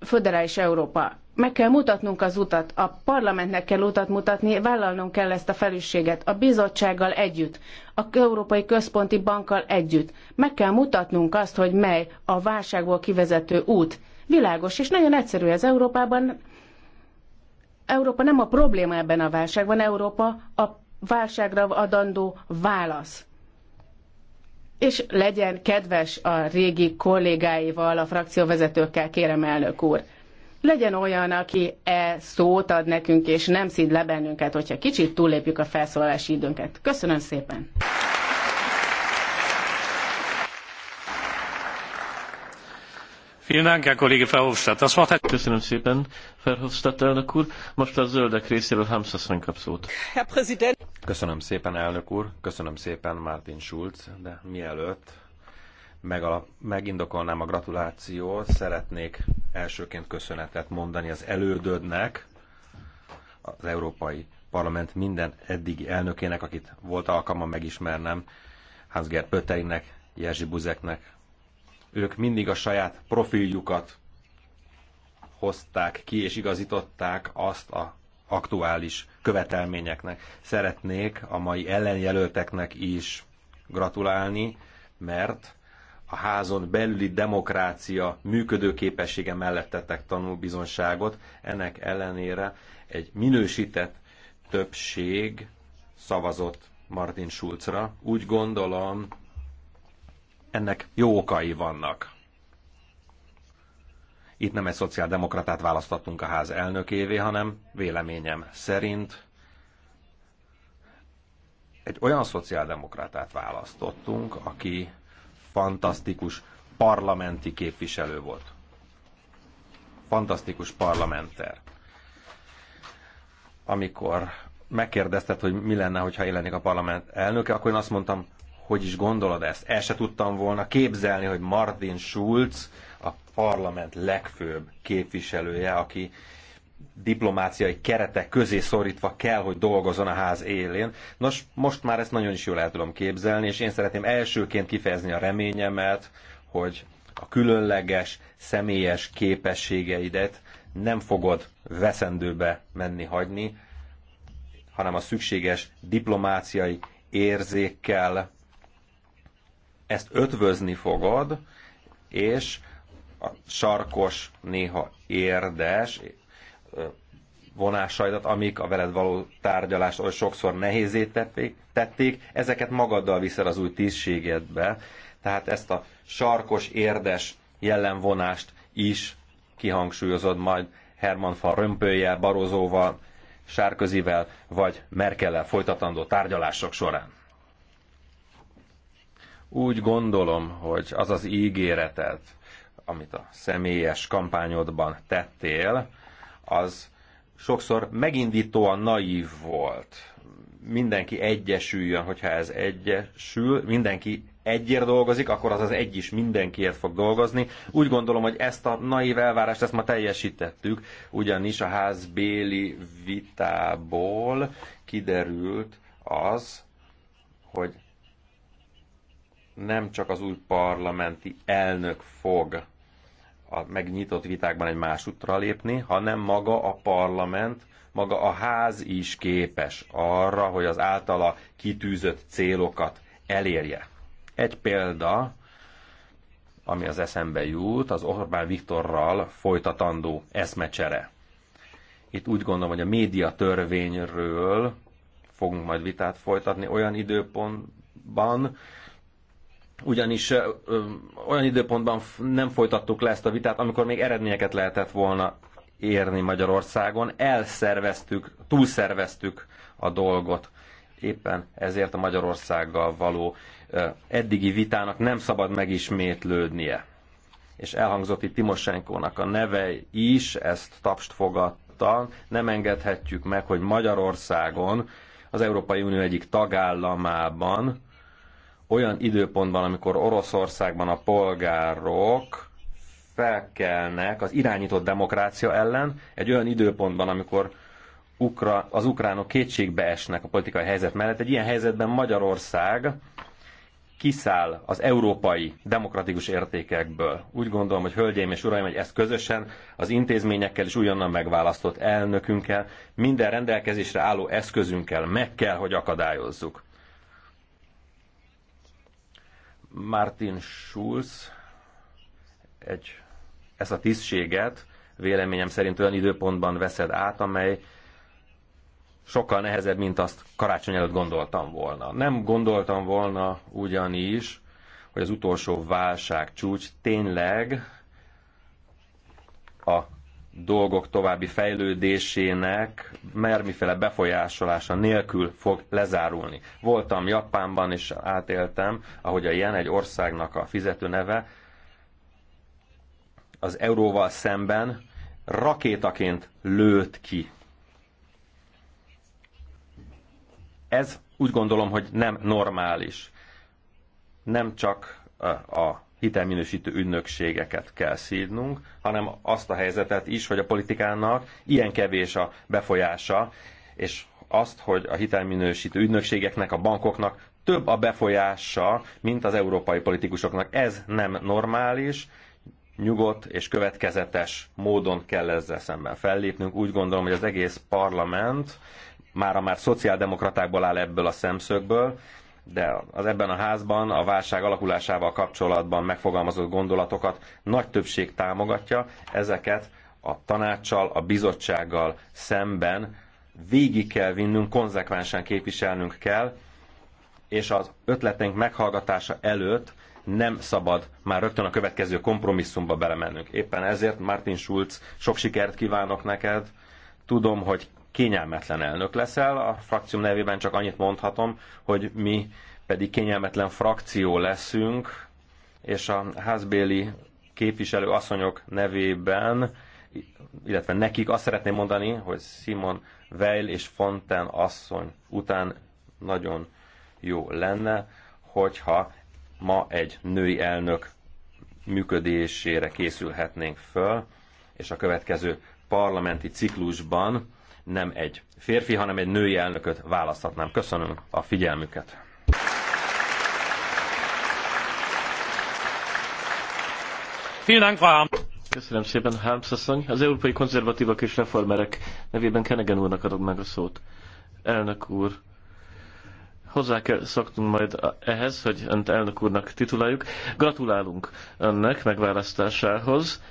föderális Európa. Meg kell mutatnunk az utat, a parlamentnek kell utat mutatni, vállalnunk kell ezt a felügységet, a bizottsággal együtt, a Európai Központi Bankkal együtt. Meg kell mutatnunk azt, hogy mely a válságból kivezető út. Világos, és nagyon egyszerű az Európában. Európa nem a probléma ebben a válságban, Európa a válságra adandó válasz. És legyen kedves a régi kollégáival, a frakcióvezetőkkel, kérem elnök úr. Legyen olyan, aki e szót ad nekünk, és nem szid le bennünket, hogyha kicsit túllépjük a felszólalási időnket. Köszönöm szépen! Köszönöm szépen, elnök úr. Most a Köszönöm szépen, elnök úr. Köszönöm szépen, Martin Schulz. De mielőtt megindokolnám a gratulációt, szeretnék elsőként köszönetet mondani az elődödnek, az Európai Parlament minden eddigi elnökének, akit volt alkalmam megismernem, Hans-Gerd Pötterinnek, Jerzy Buzeknek, ők mindig a saját profiljukat hozták ki és igazították azt a aktuális követelményeknek. Szeretnék a mai ellenjelölteknek is gratulálni, mert a házon belüli demokrácia működőképessége mellett tettek tanulbizonságot, ennek ellenére egy minősített többség szavazott Martin Schulzra. Úgy gondolom, ennek jó okai vannak. Itt nem egy szociáldemokratát választottunk a ház elnökévé, hanem véleményem szerint egy olyan szociáldemokratát választottunk, aki fantasztikus parlamenti képviselő volt. Fantasztikus parlamenter. Amikor megkérdezted, hogy mi lenne, hogyha én a parlament elnöke, akkor én azt mondtam, hogy is gondolod ezt? El se tudtam volna képzelni, hogy Martin Schulz a parlament legfőbb képviselője, aki diplomáciai keretek közé szorítva kell, hogy dolgozzon a ház élén. Nos, most már ezt nagyon is jól el tudom képzelni, és én szeretném elsőként kifejezni a reményemet, hogy a különleges, személyes képességeidet nem fogod veszendőbe menni hagyni, hanem a szükséges diplomáciai érzékkel ezt ötvözni fogod, és a sarkos, néha érdes vonásaidat, amik a veled való tárgyalást oly sokszor nehézé tették, ezeket magaddal viszel az új tisztségedbe. Tehát ezt a sarkos, érdes jellemvonást is kihangsúlyozod majd Herman van Römpölye, Barozóval, Sárközivel vagy Merkellel folytatandó tárgyalások során. Úgy gondolom, hogy az az ígéretet, amit a személyes kampányodban tettél, az sokszor megindítóan naív volt. Mindenki egyesüljön, hogyha ez egyesül, mindenki egyért dolgozik, akkor az az egy is mindenkiért fog dolgozni. Úgy gondolom, hogy ezt a naív elvárást, ezt ma teljesítettük, ugyanis a ház béli vitából kiderült az, hogy nem csak az új parlamenti elnök fog a megnyitott vitákban egy más útra lépni, hanem maga a parlament, maga a ház is képes arra, hogy az általa kitűzött célokat elérje. Egy példa, ami az eszembe jut, az Orbán Viktorral folytatandó eszmecsere. Itt úgy gondolom, hogy a média törvényről fogunk majd vitát folytatni olyan időpontban, ugyanis olyan időpontban nem folytattuk le ezt a vitát, amikor még eredményeket lehetett volna érni Magyarországon. Elszerveztük, túlszerveztük a dolgot. Éppen ezért a Magyarországgal való eddigi vitának nem szabad megismétlődnie. És elhangzott itt Timosenkónak a neve is, ezt tapst fogadta. Nem engedhetjük meg, hogy Magyarországon, az Európai Unió egyik tagállamában olyan időpontban, amikor Oroszországban a polgárok felkelnek az irányított demokrácia ellen, egy olyan időpontban, amikor ukra, az ukránok kétségbe esnek a politikai helyzet mellett, egy ilyen helyzetben Magyarország kiszáll az európai demokratikus értékekből. Úgy gondolom, hogy hölgyeim és uraim, hogy ezt közösen az intézményekkel és újonnan megválasztott elnökünkkel, minden rendelkezésre álló eszközünkkel meg kell, hogy akadályozzuk. Martin Schulz egy, ezt a tisztséget véleményem szerint olyan időpontban veszed át, amely sokkal nehezebb, mint azt karácsony előtt gondoltam volna. Nem gondoltam volna ugyanis, hogy az utolsó válság csúcs tényleg a dolgok további fejlődésének mermiféle befolyásolása nélkül fog lezárulni. Voltam Japánban, és átéltem, ahogy a ilyen egy országnak a fizetőneve az euróval szemben rakétaként lőtt ki. Ez úgy gondolom, hogy nem normális. Nem csak a hitelminősítő ünnökségeket kell szídnunk, hanem azt a helyzetet is, hogy a politikának ilyen kevés a befolyása, és azt, hogy a hitelminősítő ügynökségeknek, a bankoknak több a befolyása, mint az európai politikusoknak. Ez nem normális, nyugodt és következetes módon kell ezzel szemben fellépnünk. Úgy gondolom, hogy az egész parlament, a már szociáldemokratákból áll ebből a szemszögből, de az ebben a házban a válság alakulásával kapcsolatban megfogalmazott gondolatokat nagy többség támogatja, ezeket a tanácssal, a bizottsággal szemben végig kell vinnünk, konzekvensen képviselnünk kell, és az ötletünk meghallgatása előtt nem szabad már rögtön a következő kompromisszumba belemennünk. Éppen ezért, Martin Schulz, sok sikert kívánok neked. Tudom, hogy kényelmetlen elnök leszel. A frakcióm nevében csak annyit mondhatom, hogy mi pedig kényelmetlen frakció leszünk, és a házbéli képviselő asszonyok nevében, illetve nekik azt szeretném mondani, hogy Simon Weil és Fonten asszony után nagyon jó lenne, hogyha ma egy női elnök működésére készülhetnénk föl, és a következő parlamenti ciklusban nem egy férfi, hanem egy női elnököt választhatnám. Köszönöm a figyelmüket. Köszönöm szépen, Harms asszony. Az európai konzervatívak és reformerek nevében Kenegen úrnak adom meg a szót. Elnök úr, hozzá kell szoktunk majd ehhez, hogy önt elnök úrnak tituláljuk. Gratulálunk önnek megválasztásához,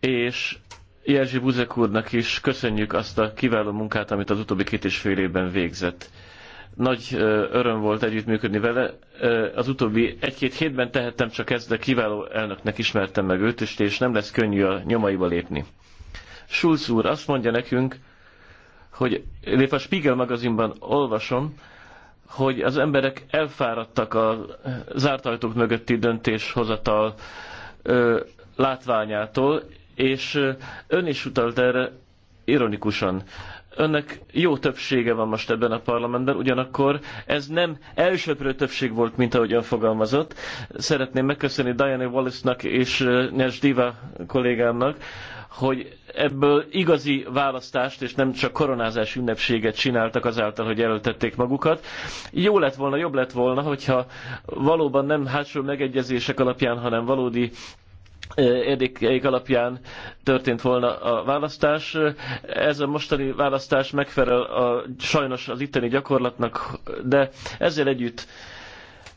és Jerzy Buzek úrnak is köszönjük azt a kiváló munkát, amit az utóbbi két és fél évben végzett. Nagy öröm volt együttműködni vele. Az utóbbi egy-két hétben tehettem csak ezt, de kiváló elnöknek ismertem meg őt, és nem lesz könnyű a nyomaiba lépni. Schulz úr azt mondja nekünk, hogy illetve a Spiegel magazinban olvasom, hogy az emberek elfáradtak a zárt ajtók mögötti döntéshozatal ö, látványától, és ön is utalt erre ironikusan. Önnek jó többsége van most ebben a parlamentben, ugyanakkor ez nem elsőprő többség volt, mint ahogy ön fogalmazott. Szeretném megköszönni Diana Wallace-nak és Nes Diva kollégámnak, hogy ebből igazi választást és nem csak koronázás ünnepséget csináltak azáltal, hogy előtették magukat. Jó lett volna, jobb lett volna, hogyha valóban nem hátsó megegyezések alapján, hanem valódi érdekeik alapján történt volna a választás. Ez a mostani választás megfelel a, sajnos az itteni gyakorlatnak, de ezzel együtt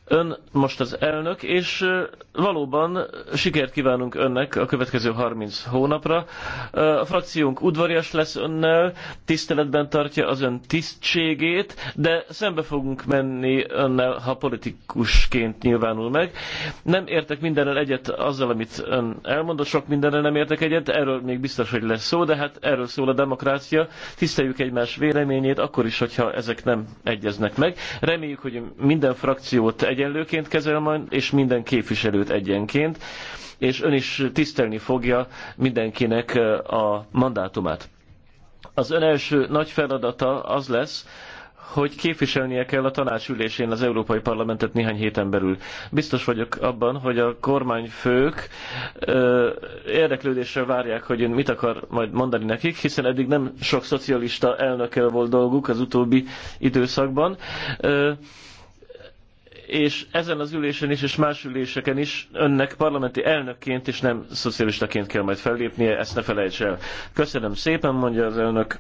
Ön most az elnök, és valóban sikert kívánunk önnek a következő 30 hónapra. A frakciónk udvarias lesz önnel, tiszteletben tartja az ön tisztségét, de szembe fogunk menni önnel, ha politikusként nyilvánul meg. Nem értek mindennel egyet azzal, amit ön elmondott, sok mindennel nem értek egyet, erről még biztos, hogy lesz szó, de hát erről szól a demokrácia. Tiszteljük egymás véleményét, akkor is, hogyha ezek nem egyeznek meg. Reméljük, hogy minden frakciót egy egyenlőként kezel majd, és minden képviselőt egyenként, és ön is tisztelni fogja mindenkinek a mandátumát. Az ön első nagy feladata az lesz, hogy képviselnie kell a tanácsülésén az Európai Parlamentet néhány héten belül. Biztos vagyok abban, hogy a kormányfők ö, érdeklődéssel várják, hogy ön mit akar majd mondani nekik, hiszen eddig nem sok szocialista elnökkel volt dolguk az utóbbi időszakban. Ö, és ezen az ülésen is, és más üléseken is önnek parlamenti elnökként és nem szocialistaként kell majd fellépnie, ezt ne felejts el. Köszönöm szépen, mondja az elnök.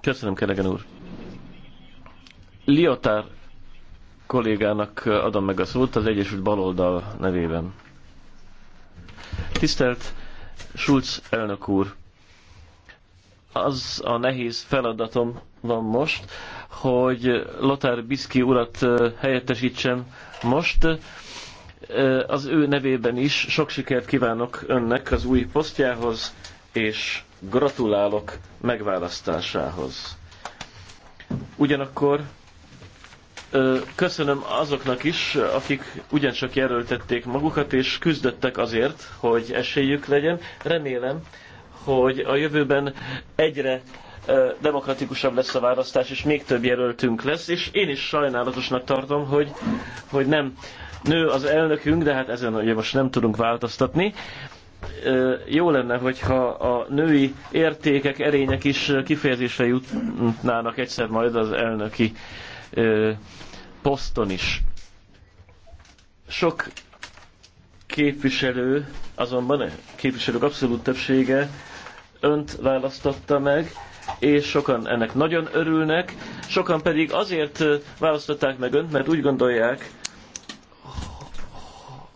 Köszönöm, Keregen úr. Liotár kollégának adom meg a szót az Egyesült Baloldal nevében. Tisztelt Schulz elnök úr! az a nehéz feladatom van most, hogy Lothar Biszki urat helyettesítsem most. Az ő nevében is sok sikert kívánok önnek az új posztjához, és gratulálok megválasztásához. Ugyanakkor köszönöm azoknak is, akik ugyancsak jelöltették magukat, és küzdöttek azért, hogy esélyük legyen. Remélem, hogy a jövőben egyre demokratikusabb lesz a választás, és még több jelöltünk lesz, és én is sajnálatosnak tartom, hogy, hogy nem nő az elnökünk, de hát ezen ugye most nem tudunk változtatni. Jó lenne, hogyha a női értékek, erények is kifejezésre jutnának egyszer majd az elnöki poszton is. Sok képviselő, azonban képviselők abszolút többsége önt választotta meg, és sokan ennek nagyon örülnek, sokan pedig azért választották meg önt, mert úgy gondolják,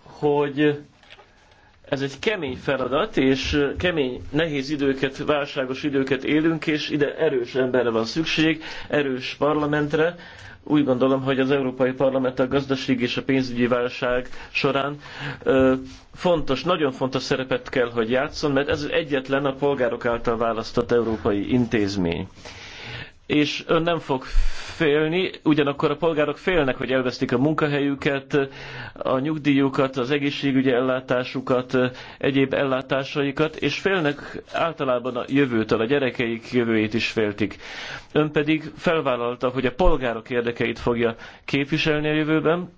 hogy ez egy kemény feladat, és kemény, nehéz időket, válságos időket élünk, és ide erős emberre van szükség, erős parlamentre, úgy gondolom, hogy az Európai Parlament a gazdaság és a pénzügyi válság során fontos, nagyon fontos szerepet kell, hogy játszon, mert ez egyetlen a polgárok által választott európai intézmény és ön nem fog félni, ugyanakkor a polgárok félnek, hogy elvesztik a munkahelyüket, a nyugdíjukat, az egészségügyi ellátásukat, egyéb ellátásaikat, és félnek általában a jövőtől, a gyerekeik jövőjét is féltik. Ön pedig felvállalta, hogy a polgárok érdekeit fogja képviselni a jövőben,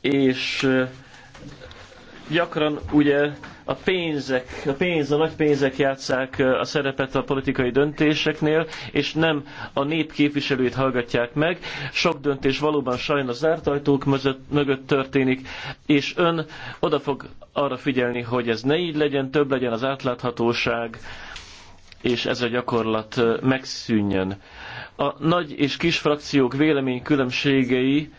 és gyakran ugye a pénzek, a pénz, a nagy pénzek játszák a szerepet a politikai döntéseknél, és nem a nép képviselőit hallgatják meg. Sok döntés valóban sajnos zárt ajtók mögött, mögött történik, és ön oda fog arra figyelni, hogy ez ne így legyen, több legyen az átláthatóság, és ez a gyakorlat megszűnjön. A nagy és kis frakciók vélemény különbségei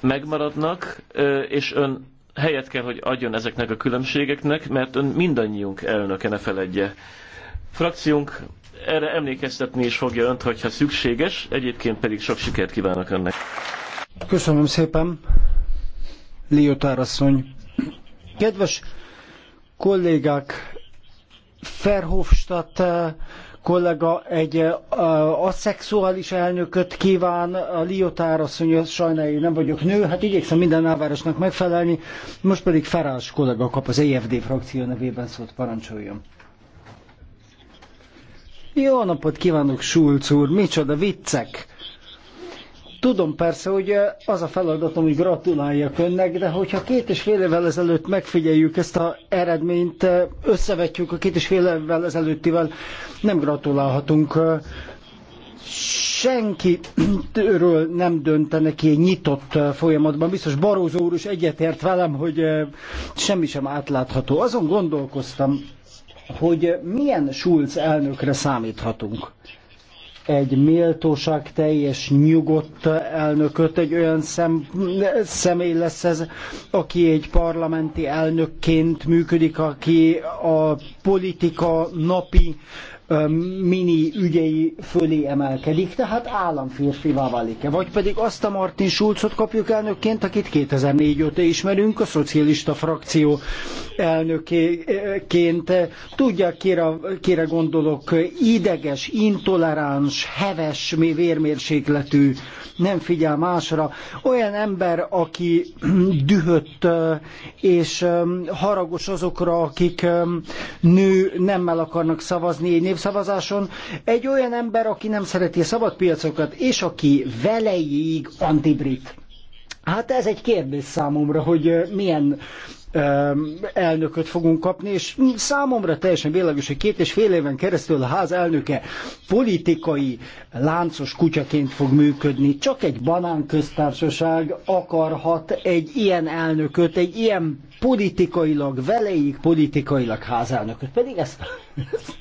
megmaradnak, és ön helyet kell, hogy adjon ezeknek a különbségeknek, mert ön mindannyiunk elnöke ne feledje. Frakciónk erre emlékeztetni is fogja önt, hogyha szükséges, egyébként pedig sok sikert kívánok önnek. Köszönöm szépen, Liotár asszony. Kedves kollégák, Ferhofstadt, kollega egy aszexuális elnököt kíván, a Liotár asszony, sajnálja, nem vagyok nő, hát igyekszem minden elvárásnak megfelelni, most pedig Ferás kollega kap az EFD frakció nevében szót, parancsoljon. Jó napot kívánok, Schulz úr, micsoda viccek! Tudom persze, hogy az a feladatom, hogy gratuláljak önnek, de hogyha két és fél évvel ezelőtt megfigyeljük ezt az eredményt, összevetjük a két és fél évvel ezelőttivel, nem gratulálhatunk. senki őről nem döntene ki egy nyitott folyamatban. Biztos Barózó úr is egyetért velem, hogy semmi sem átlátható. Azon gondolkoztam, hogy milyen Schulz elnökre számíthatunk egy méltóság teljes, nyugodt elnököt, egy olyan szem, személy lesz ez, aki egy parlamenti elnökként működik, aki a politika napi mini ügyei fölé emelkedik, tehát államférfivá válik-e. Vagy pedig azt a Martin Schulzot kapjuk elnökként, akit 2004 óta ismerünk, a szocialista frakció elnökeként. Tudják, kire, kire gondolok, ideges, intoleráns, heves, vérmérsékletű, nem figyel másra. Olyan ember, aki [clears throat] dühött és haragos azokra, akik nő nemmel akarnak szavazni egy szavazáson egy olyan ember, aki nem szereti a szabad piacokat, és aki velejéig antibrit. Hát ez egy kérdés számomra, hogy milyen elnököt fogunk kapni, és számomra teljesen világos, hogy két és fél éven keresztül a ház elnöke politikai láncos kutyaként fog működni. Csak egy banán köztársaság akarhat egy ilyen elnököt, egy ilyen politikailag, velejéig politikailag házelnököt. Pedig ezt, ezt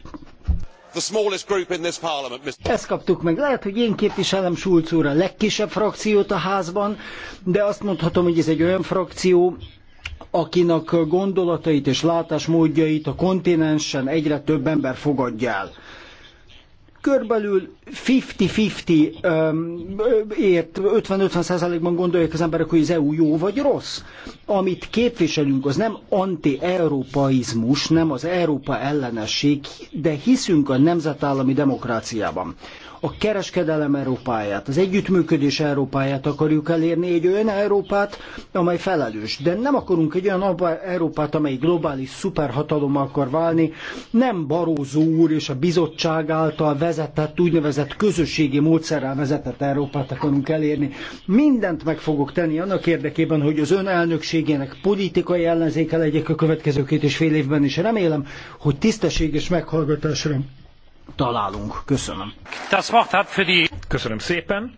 the smallest group in this parliament, Ezt kaptuk meg. Lehet, hogy én képviselem Schulz úr a legkisebb frakciót a házban, de azt mondhatom, hogy ez egy olyan frakció, akinek gondolatait és látásmódjait a kontinensen egyre több ember fogadja el. Körbelül 50-50 ért, 50-50 százalékban gondolják az emberek, hogy az EU jó vagy rossz. Amit képviselünk, az nem anti-európaizmus, nem az Európa ellenesség, de hiszünk a nemzetállami demokráciában a kereskedelem Európáját, az együttműködés Európáját akarjuk elérni, egy olyan Európát, amely felelős. De nem akarunk egy olyan Európát, amely globális szuperhatalom akar válni, nem Barózó úr és a bizottság által vezetett, úgynevezett közösségi módszerrel vezetett Európát akarunk elérni. Mindent meg fogok tenni annak érdekében, hogy az ön elnökségének politikai ellenzéke legyek a következő két és fél évben, és remélem, hogy tisztességes meghallgatásra találunk. Köszönöm. Köszönöm szépen.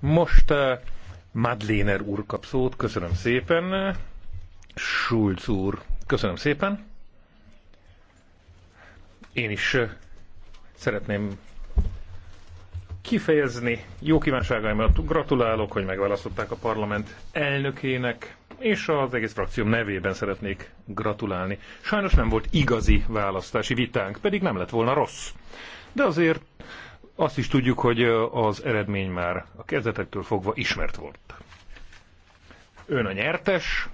Most uh, eh, Madlener úr kap szót. Köszönöm szépen. Schulz úr. Köszönöm szépen. Én is uh, szeretném kifejezni jó kívánságaimat. Gratulálok, hogy megválasztották a parlament elnökének és az egész frakcióm nevében szeretnék gratulálni. Sajnos nem volt igazi választási vitánk, pedig nem lett volna rossz. De azért azt is tudjuk, hogy az eredmény már a kezdetektől fogva ismert volt. Ön a nyertes,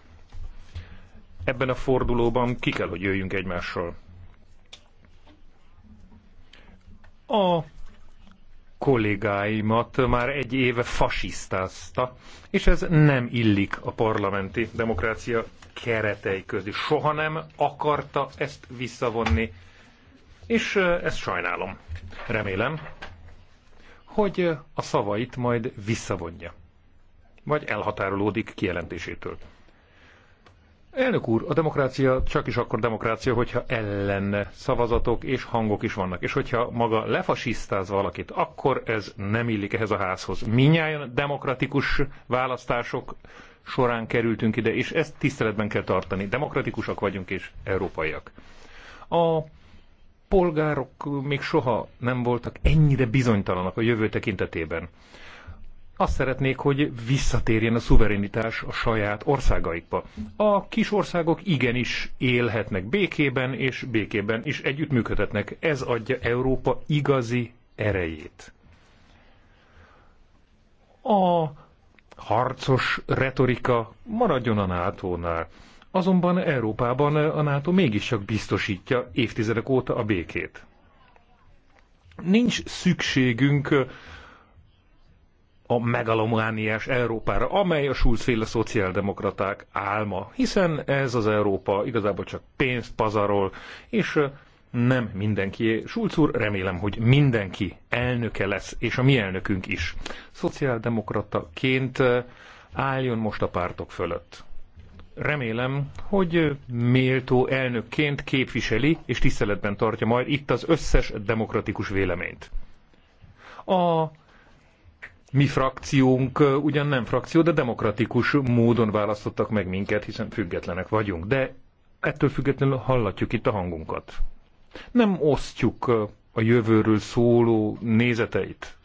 ebben a fordulóban ki kell, hogy jöjjünk egymással. A kollégáimat már egy éve fasisztázta, és ez nem illik a parlamenti demokrácia keretei közé. Soha nem akarta ezt visszavonni, és ezt sajnálom. Remélem, hogy a szavait majd visszavonja, vagy elhatárolódik kijelentésétől. Elnök úr, a demokrácia csak is akkor demokrácia, hogyha ellen szavazatok és hangok is vannak. És hogyha maga lefasisztáz valakit, akkor ez nem illik ehhez a házhoz. Minnyáján demokratikus választások során kerültünk ide, és ezt tiszteletben kell tartani. Demokratikusak vagyunk és európaiak. A polgárok még soha nem voltak ennyire bizonytalanak a jövő tekintetében azt szeretnék, hogy visszatérjen a szuverenitás a saját országaikba. A kis országok igenis élhetnek békében, és békében is együttműködhetnek. Ez adja Európa igazi erejét. A harcos retorika maradjon a NATO-nál. Azonban Európában a NATO mégiscsak biztosítja évtizedek óta a békét. Nincs szükségünk a megalomániás Európára, amely a Schulz-féle szociáldemokraták álma, hiszen ez az Európa igazából csak pénzt pazarol, és nem mindenki. Schulz úr, remélem, hogy mindenki elnöke lesz, és a mi elnökünk is. Szociáldemokrataként álljon most a pártok fölött. Remélem, hogy méltó elnökként képviseli és tiszteletben tartja majd itt az összes demokratikus véleményt. A mi frakciónk ugyan nem frakció, de demokratikus módon választottak meg minket, hiszen függetlenek vagyunk. De ettől függetlenül hallatjuk itt a hangunkat. Nem osztjuk a jövőről szóló nézeteit,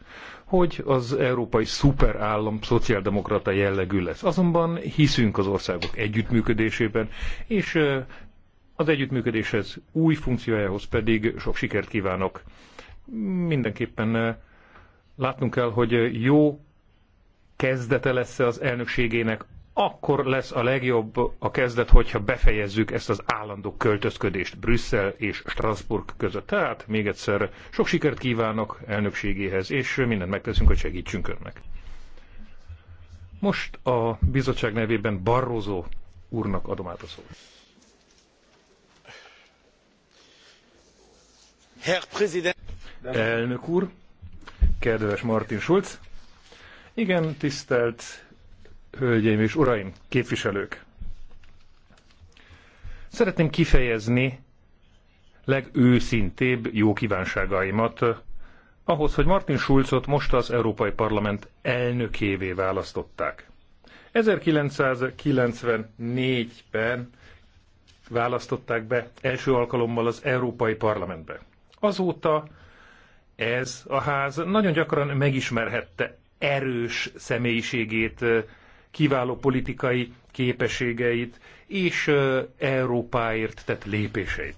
hogy az európai szuperállam szociáldemokrata jellegű lesz. Azonban hiszünk az országok együttműködésében, és az együttműködéshez új funkciójához pedig sok sikert kívánok. Mindenképpen látnunk kell, hogy jó kezdete lesz az elnökségének, akkor lesz a legjobb a kezdet, hogyha befejezzük ezt az állandó költözködést Brüsszel és Strasbourg között. Tehát még egyszer sok sikert kívánok elnökségéhez, és mindent megteszünk, hogy segítsünk önnek. Most a bizottság nevében Barroso úrnak adom át a szót. Herr Elnök úr, Kedves Martin Schulz! Igen, tisztelt Hölgyeim és Uraim, képviselők! Szeretném kifejezni legőszintébb jó kívánságaimat ahhoz, hogy Martin Schulzot most az Európai Parlament elnökévé választották. 1994-ben választották be első alkalommal az Európai Parlamentbe. Azóta ez a ház nagyon gyakran megismerhette erős személyiségét, kiváló politikai képességeit és Európáért tett lépéseit.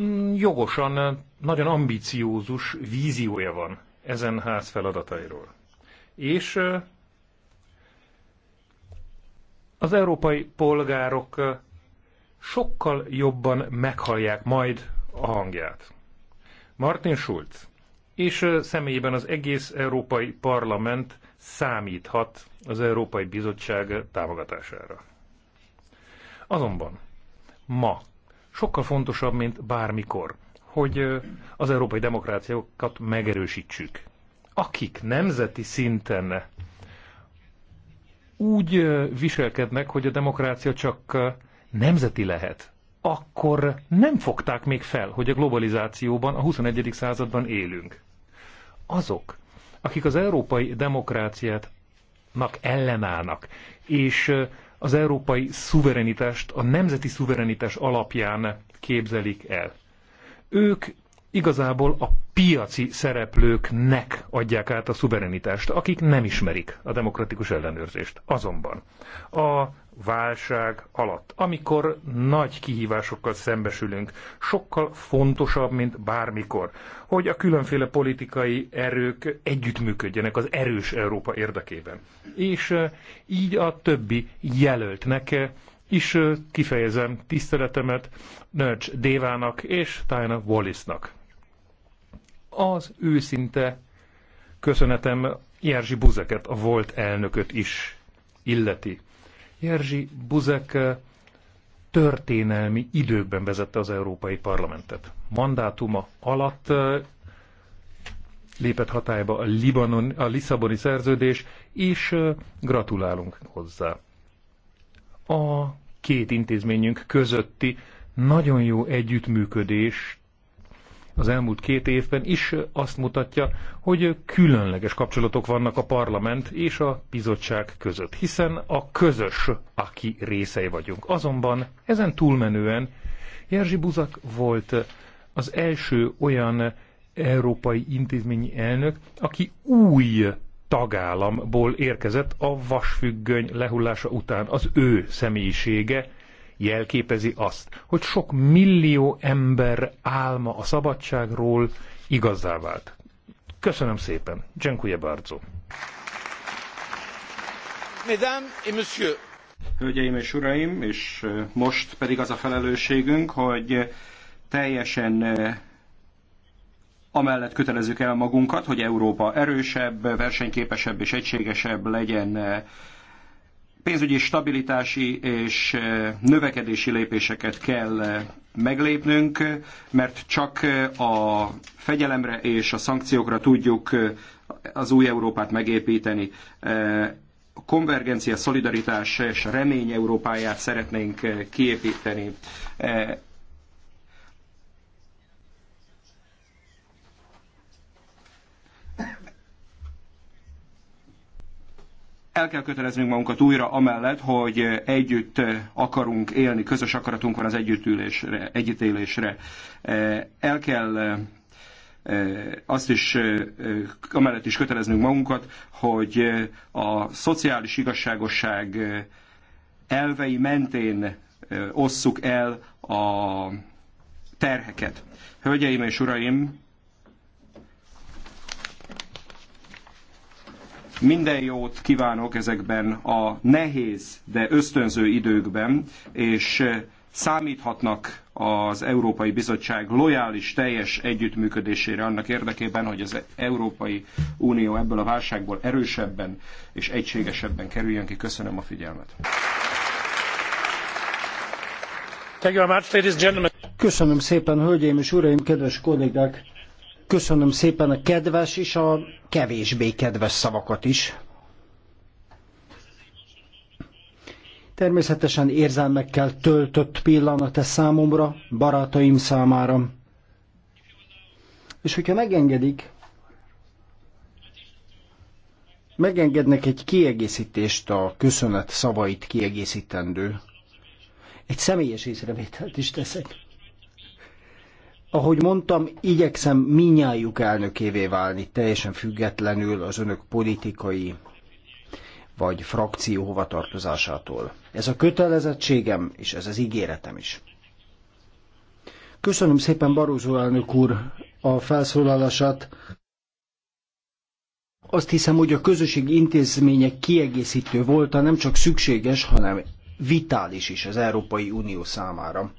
Mm, jogosan nagyon ambiciózus víziója van ezen ház feladatairól. És az európai polgárok sokkal jobban meghallják majd a hangját. Martin Schulz és személyében az egész Európai Parlament számíthat az Európai Bizottság támogatására. Azonban ma sokkal fontosabb, mint bármikor, hogy az európai demokráciákat megerősítsük. Akik nemzeti szinten úgy viselkednek, hogy a demokrácia csak nemzeti lehet, akkor nem fogták még fel, hogy a globalizációban, a 21. században élünk. Azok, akik az európai demokráciát ellenállnak, és az európai szuverenitást, a nemzeti szuverenitás alapján képzelik el. Ők igazából a piaci szereplőknek adják át a szuverenitást, akik nem ismerik a demokratikus ellenőrzést. Azonban a válság alatt, amikor nagy kihívásokkal szembesülünk, sokkal fontosabb, mint bármikor, hogy a különféle politikai erők együttműködjenek az erős Európa érdekében. És eh, így a többi jelöltnek eh, is eh, kifejezem tiszteletemet Nörcs Dévának és Diana Wallisnak. Az őszinte köszönetem Jerzy Buzeket, a volt elnököt is illeti Jerzy Buzek eh, történelmi időkben vezette az Európai Parlamentet. Mandátuma alatt eh, lépett hatályba a, Libanon, a Lisszaboni szerződés, és eh, gratulálunk hozzá. A két intézményünk közötti nagyon jó együttműködést az elmúlt két évben is azt mutatja, hogy különleges kapcsolatok vannak a parlament és a bizottság között, hiszen a közös, aki részei vagyunk. Azonban ezen túlmenően Jerzy Buzak volt az első olyan európai intézményi elnök, aki új tagállamból érkezett a vasfüggöny lehullása után. Az ő személyisége jelképezi azt, hogy sok millió ember álma a szabadságról igazá vált. Köszönöm szépen. Dziękuję bardzo. Hölgyeim és uraim, és most pedig az a felelősségünk, hogy teljesen amellett kötelezzük el magunkat, hogy Európa erősebb, versenyképesebb és egységesebb legyen pénzügyi stabilitási és eh, növekedési lépéseket kell eh, meglépnünk, mert csak eh, a fegyelemre és a szankciókra tudjuk az új Európát megépíteni. Konvergencia, szolidaritás és remény Európáját szeretnénk kiépíteni. el kell köteleznünk magunkat újra amellett, hogy együtt akarunk élni, közös akaratunk van az együttülésre, együttélésre. El kell eh, azt is eh, amellett is köteleznünk magunkat, hogy a szociális igazságosság eh, elvei mentén osszuk el a terheket. Hölgyeim és uraim, Minden jót kívánok ezekben a nehéz, de ösztönző időkben, és eh, számíthatnak az Európai Bizottság lojális, teljes együttműködésére annak érdekében, hogy az Európai Unió ebből a válságból erősebben és egységesebben kerüljön ki. Köszönöm a figyelmet. Köszönöm szépen, hölgyeim és uraim, kedves kollégák! Köszönöm szépen a kedves és a kevésbé kedves szavakat is. Természetesen érzelmekkel töltött pillanat ez számomra, barátaim számára. És hogyha megengedik, megengednek egy kiegészítést a köszönet szavait kiegészítendő. Egy személyes észrevételt is teszek. Ahogy mondtam, igyekszem minnyájuk elnökévé válni, teljesen függetlenül az önök politikai vagy frakció hovatartozásától. Ez a kötelezettségem, és ez az ígéretem is. Köszönöm szépen Barózó elnök úr a felszólalását. Azt hiszem, hogy a közösségi intézmények kiegészítő volta nem csak szükséges, hanem vitális is az Európai Unió számára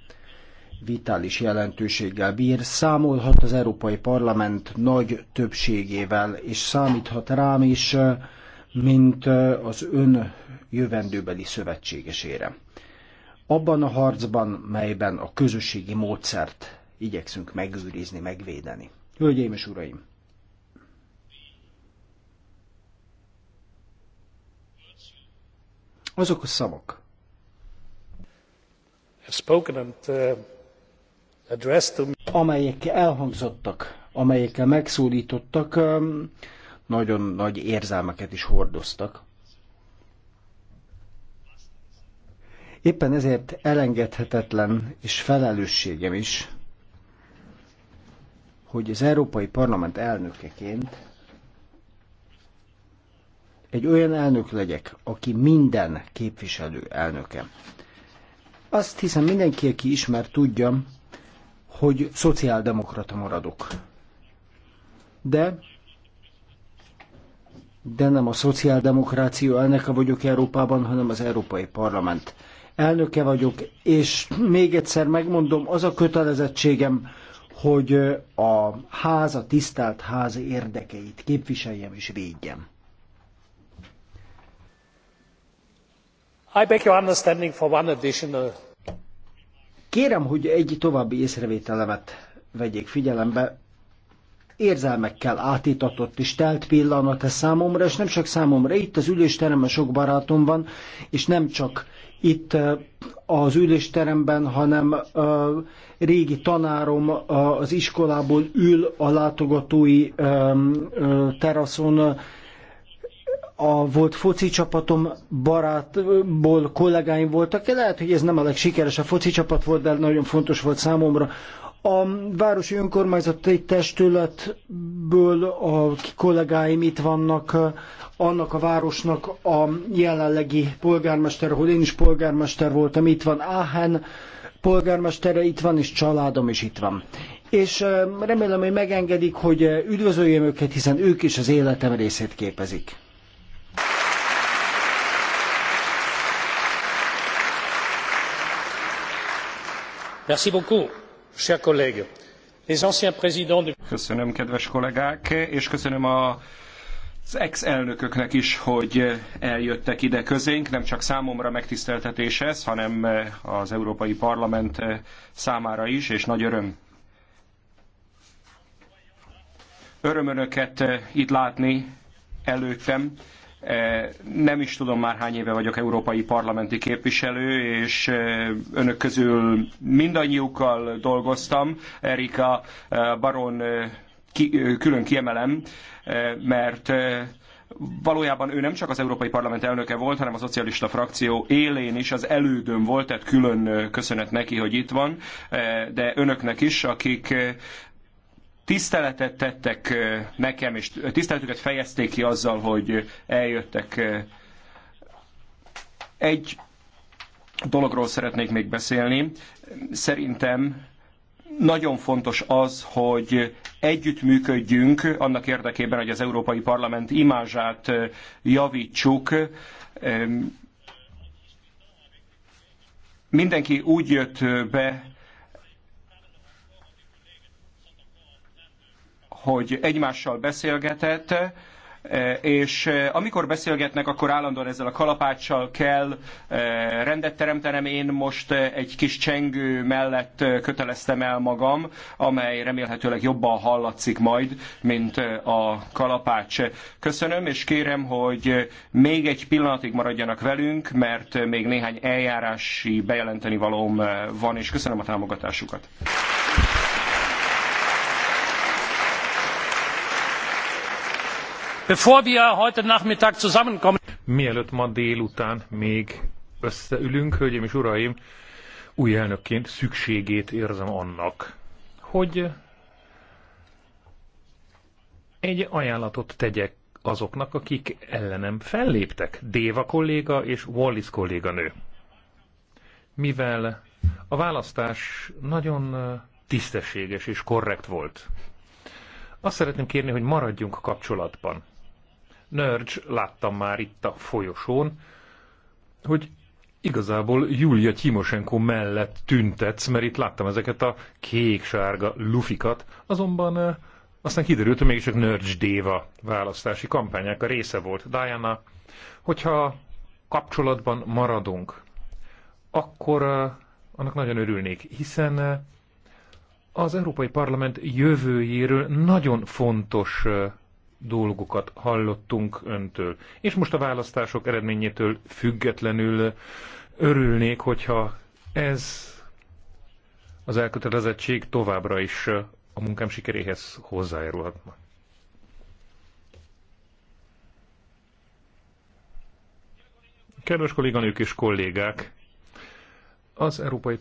vitális jelentőséggel bír, számolhat az Európai Parlament nagy többségével, és számíthat rám is, mint az ön jövendőbeli szövetségesére. Abban a harcban, melyben a közösségi módszert igyekszünk megőrizni, megvédeni. Hölgyeim és uraim! Azok a szavak. Spoken and, uh amelyek elhangzottak, amelyekkel megszólítottak, nagyon nagy érzelmeket is hordoztak. Éppen ezért elengedhetetlen és felelősségem is, hogy az Európai Parlament elnökeként egy olyan elnök legyek, aki minden képviselő elnöke. Azt hiszem mindenki, aki ismer, tudja, hogy szociáldemokrata maradok. De de nem a szociáldemokráció elnöke vagyok Európában, hanem az Európai Parlament elnöke vagyok, és még egyszer megmondom, az a kötelezettségem, hogy a ház, a tisztelt ház érdekeit képviseljem és védjem. I beg your understanding for one additional Kérem, hogy egy további észrevételemet vegyék figyelembe. Érzelmekkel átítatott és telt pillanat ez számomra, és nem csak számomra. Itt az ülésteremben sok barátom van, és nem csak itt az ülésteremben, hanem régi tanárom az iskolából ül a látogatói teraszon, a volt foci csapatom barátból kollégáim voltak, lehet, hogy ez nem a legsikeresebb foci csapat volt, de nagyon fontos volt számomra. A városi önkormányzati testületből a kollégáim itt vannak, annak a városnak a jelenlegi polgármester, ahol én is polgármester voltam, itt van Áhen, polgármestere itt van, és családom is itt van. És remélem, hogy megengedik, hogy üdvözöljem őket, hiszen ők is az életem részét képezik. Köszönöm, kedves kollégák, és köszönöm az ex-elnököknek is, hogy eljöttek ide közénk. Nem csak számomra megtiszteltetés ez, hanem az Európai Parlament számára is, és nagy öröm. Öröm önöket itt látni előttem, E, nem is tudom már hány éve vagyok európai parlamenti képviselő, és e, önök közül mindannyiukkal dolgoztam. Erika e, Baron külön kiemelem, mert valójában ő nem csak az Európai Parlament elnöke volt, hanem a szocialista frakció élén is az elődön volt, tehát külön köszönet neki, hogy itt van, de önöknek is, akik tiszteletet tettek nekem, és tiszteletüket fejezték ki azzal, hogy eljöttek. Egy dologról szeretnék még beszélni. Szerintem nagyon fontos az, hogy együttműködjünk annak érdekében, hogy az Európai Parlament imázsát javítsuk. Mindenki úgy jött be hogy egymással beszélgetett, és amikor beszélgetnek, akkor állandóan ezzel a kalapáccsal kell eh, rendet teremtenem. Én most egy kis csengő mellett köteleztem el magam, amely remélhetőleg jobban hallatszik majd, mint a kalapács. Köszönöm, és kérem, hogy még egy pillanatig maradjanak velünk, mert még néhány eljárási bejelenteni valóm van, és köszönöm a támogatásukat. Mielőtt ma délután még összeülünk, hölgyeim és uraim, új elnökként szükségét érzem annak, hogy egy ajánlatot tegyek azoknak, akik ellenem felléptek, Déva kolléga és Wallis kolléganő. Mivel a választás nagyon tisztességes és korrekt volt, azt szeretném kérni, hogy maradjunk kapcsolatban. Nörcs láttam már itt a folyosón, hogy igazából Julia Timosenko mellett tüntetsz, mert itt láttam ezeket a kék-sárga lufikat, azonban eh, aztán kiderült, hogy mégiscsak Nörcs Déva választási kampányák a része volt. Diana, hogyha kapcsolatban maradunk, akkor eh, annak nagyon örülnék, hiszen eh, az Európai Parlament jövőjéről nagyon fontos dolgokat hallottunk öntől. És most a választások eredményétől függetlenül örülnék, hogyha ez az elkötelezettség továbbra is a munkám sikeréhez hozzájárulhatna. Kedves kolléganők és kollégák, az Európai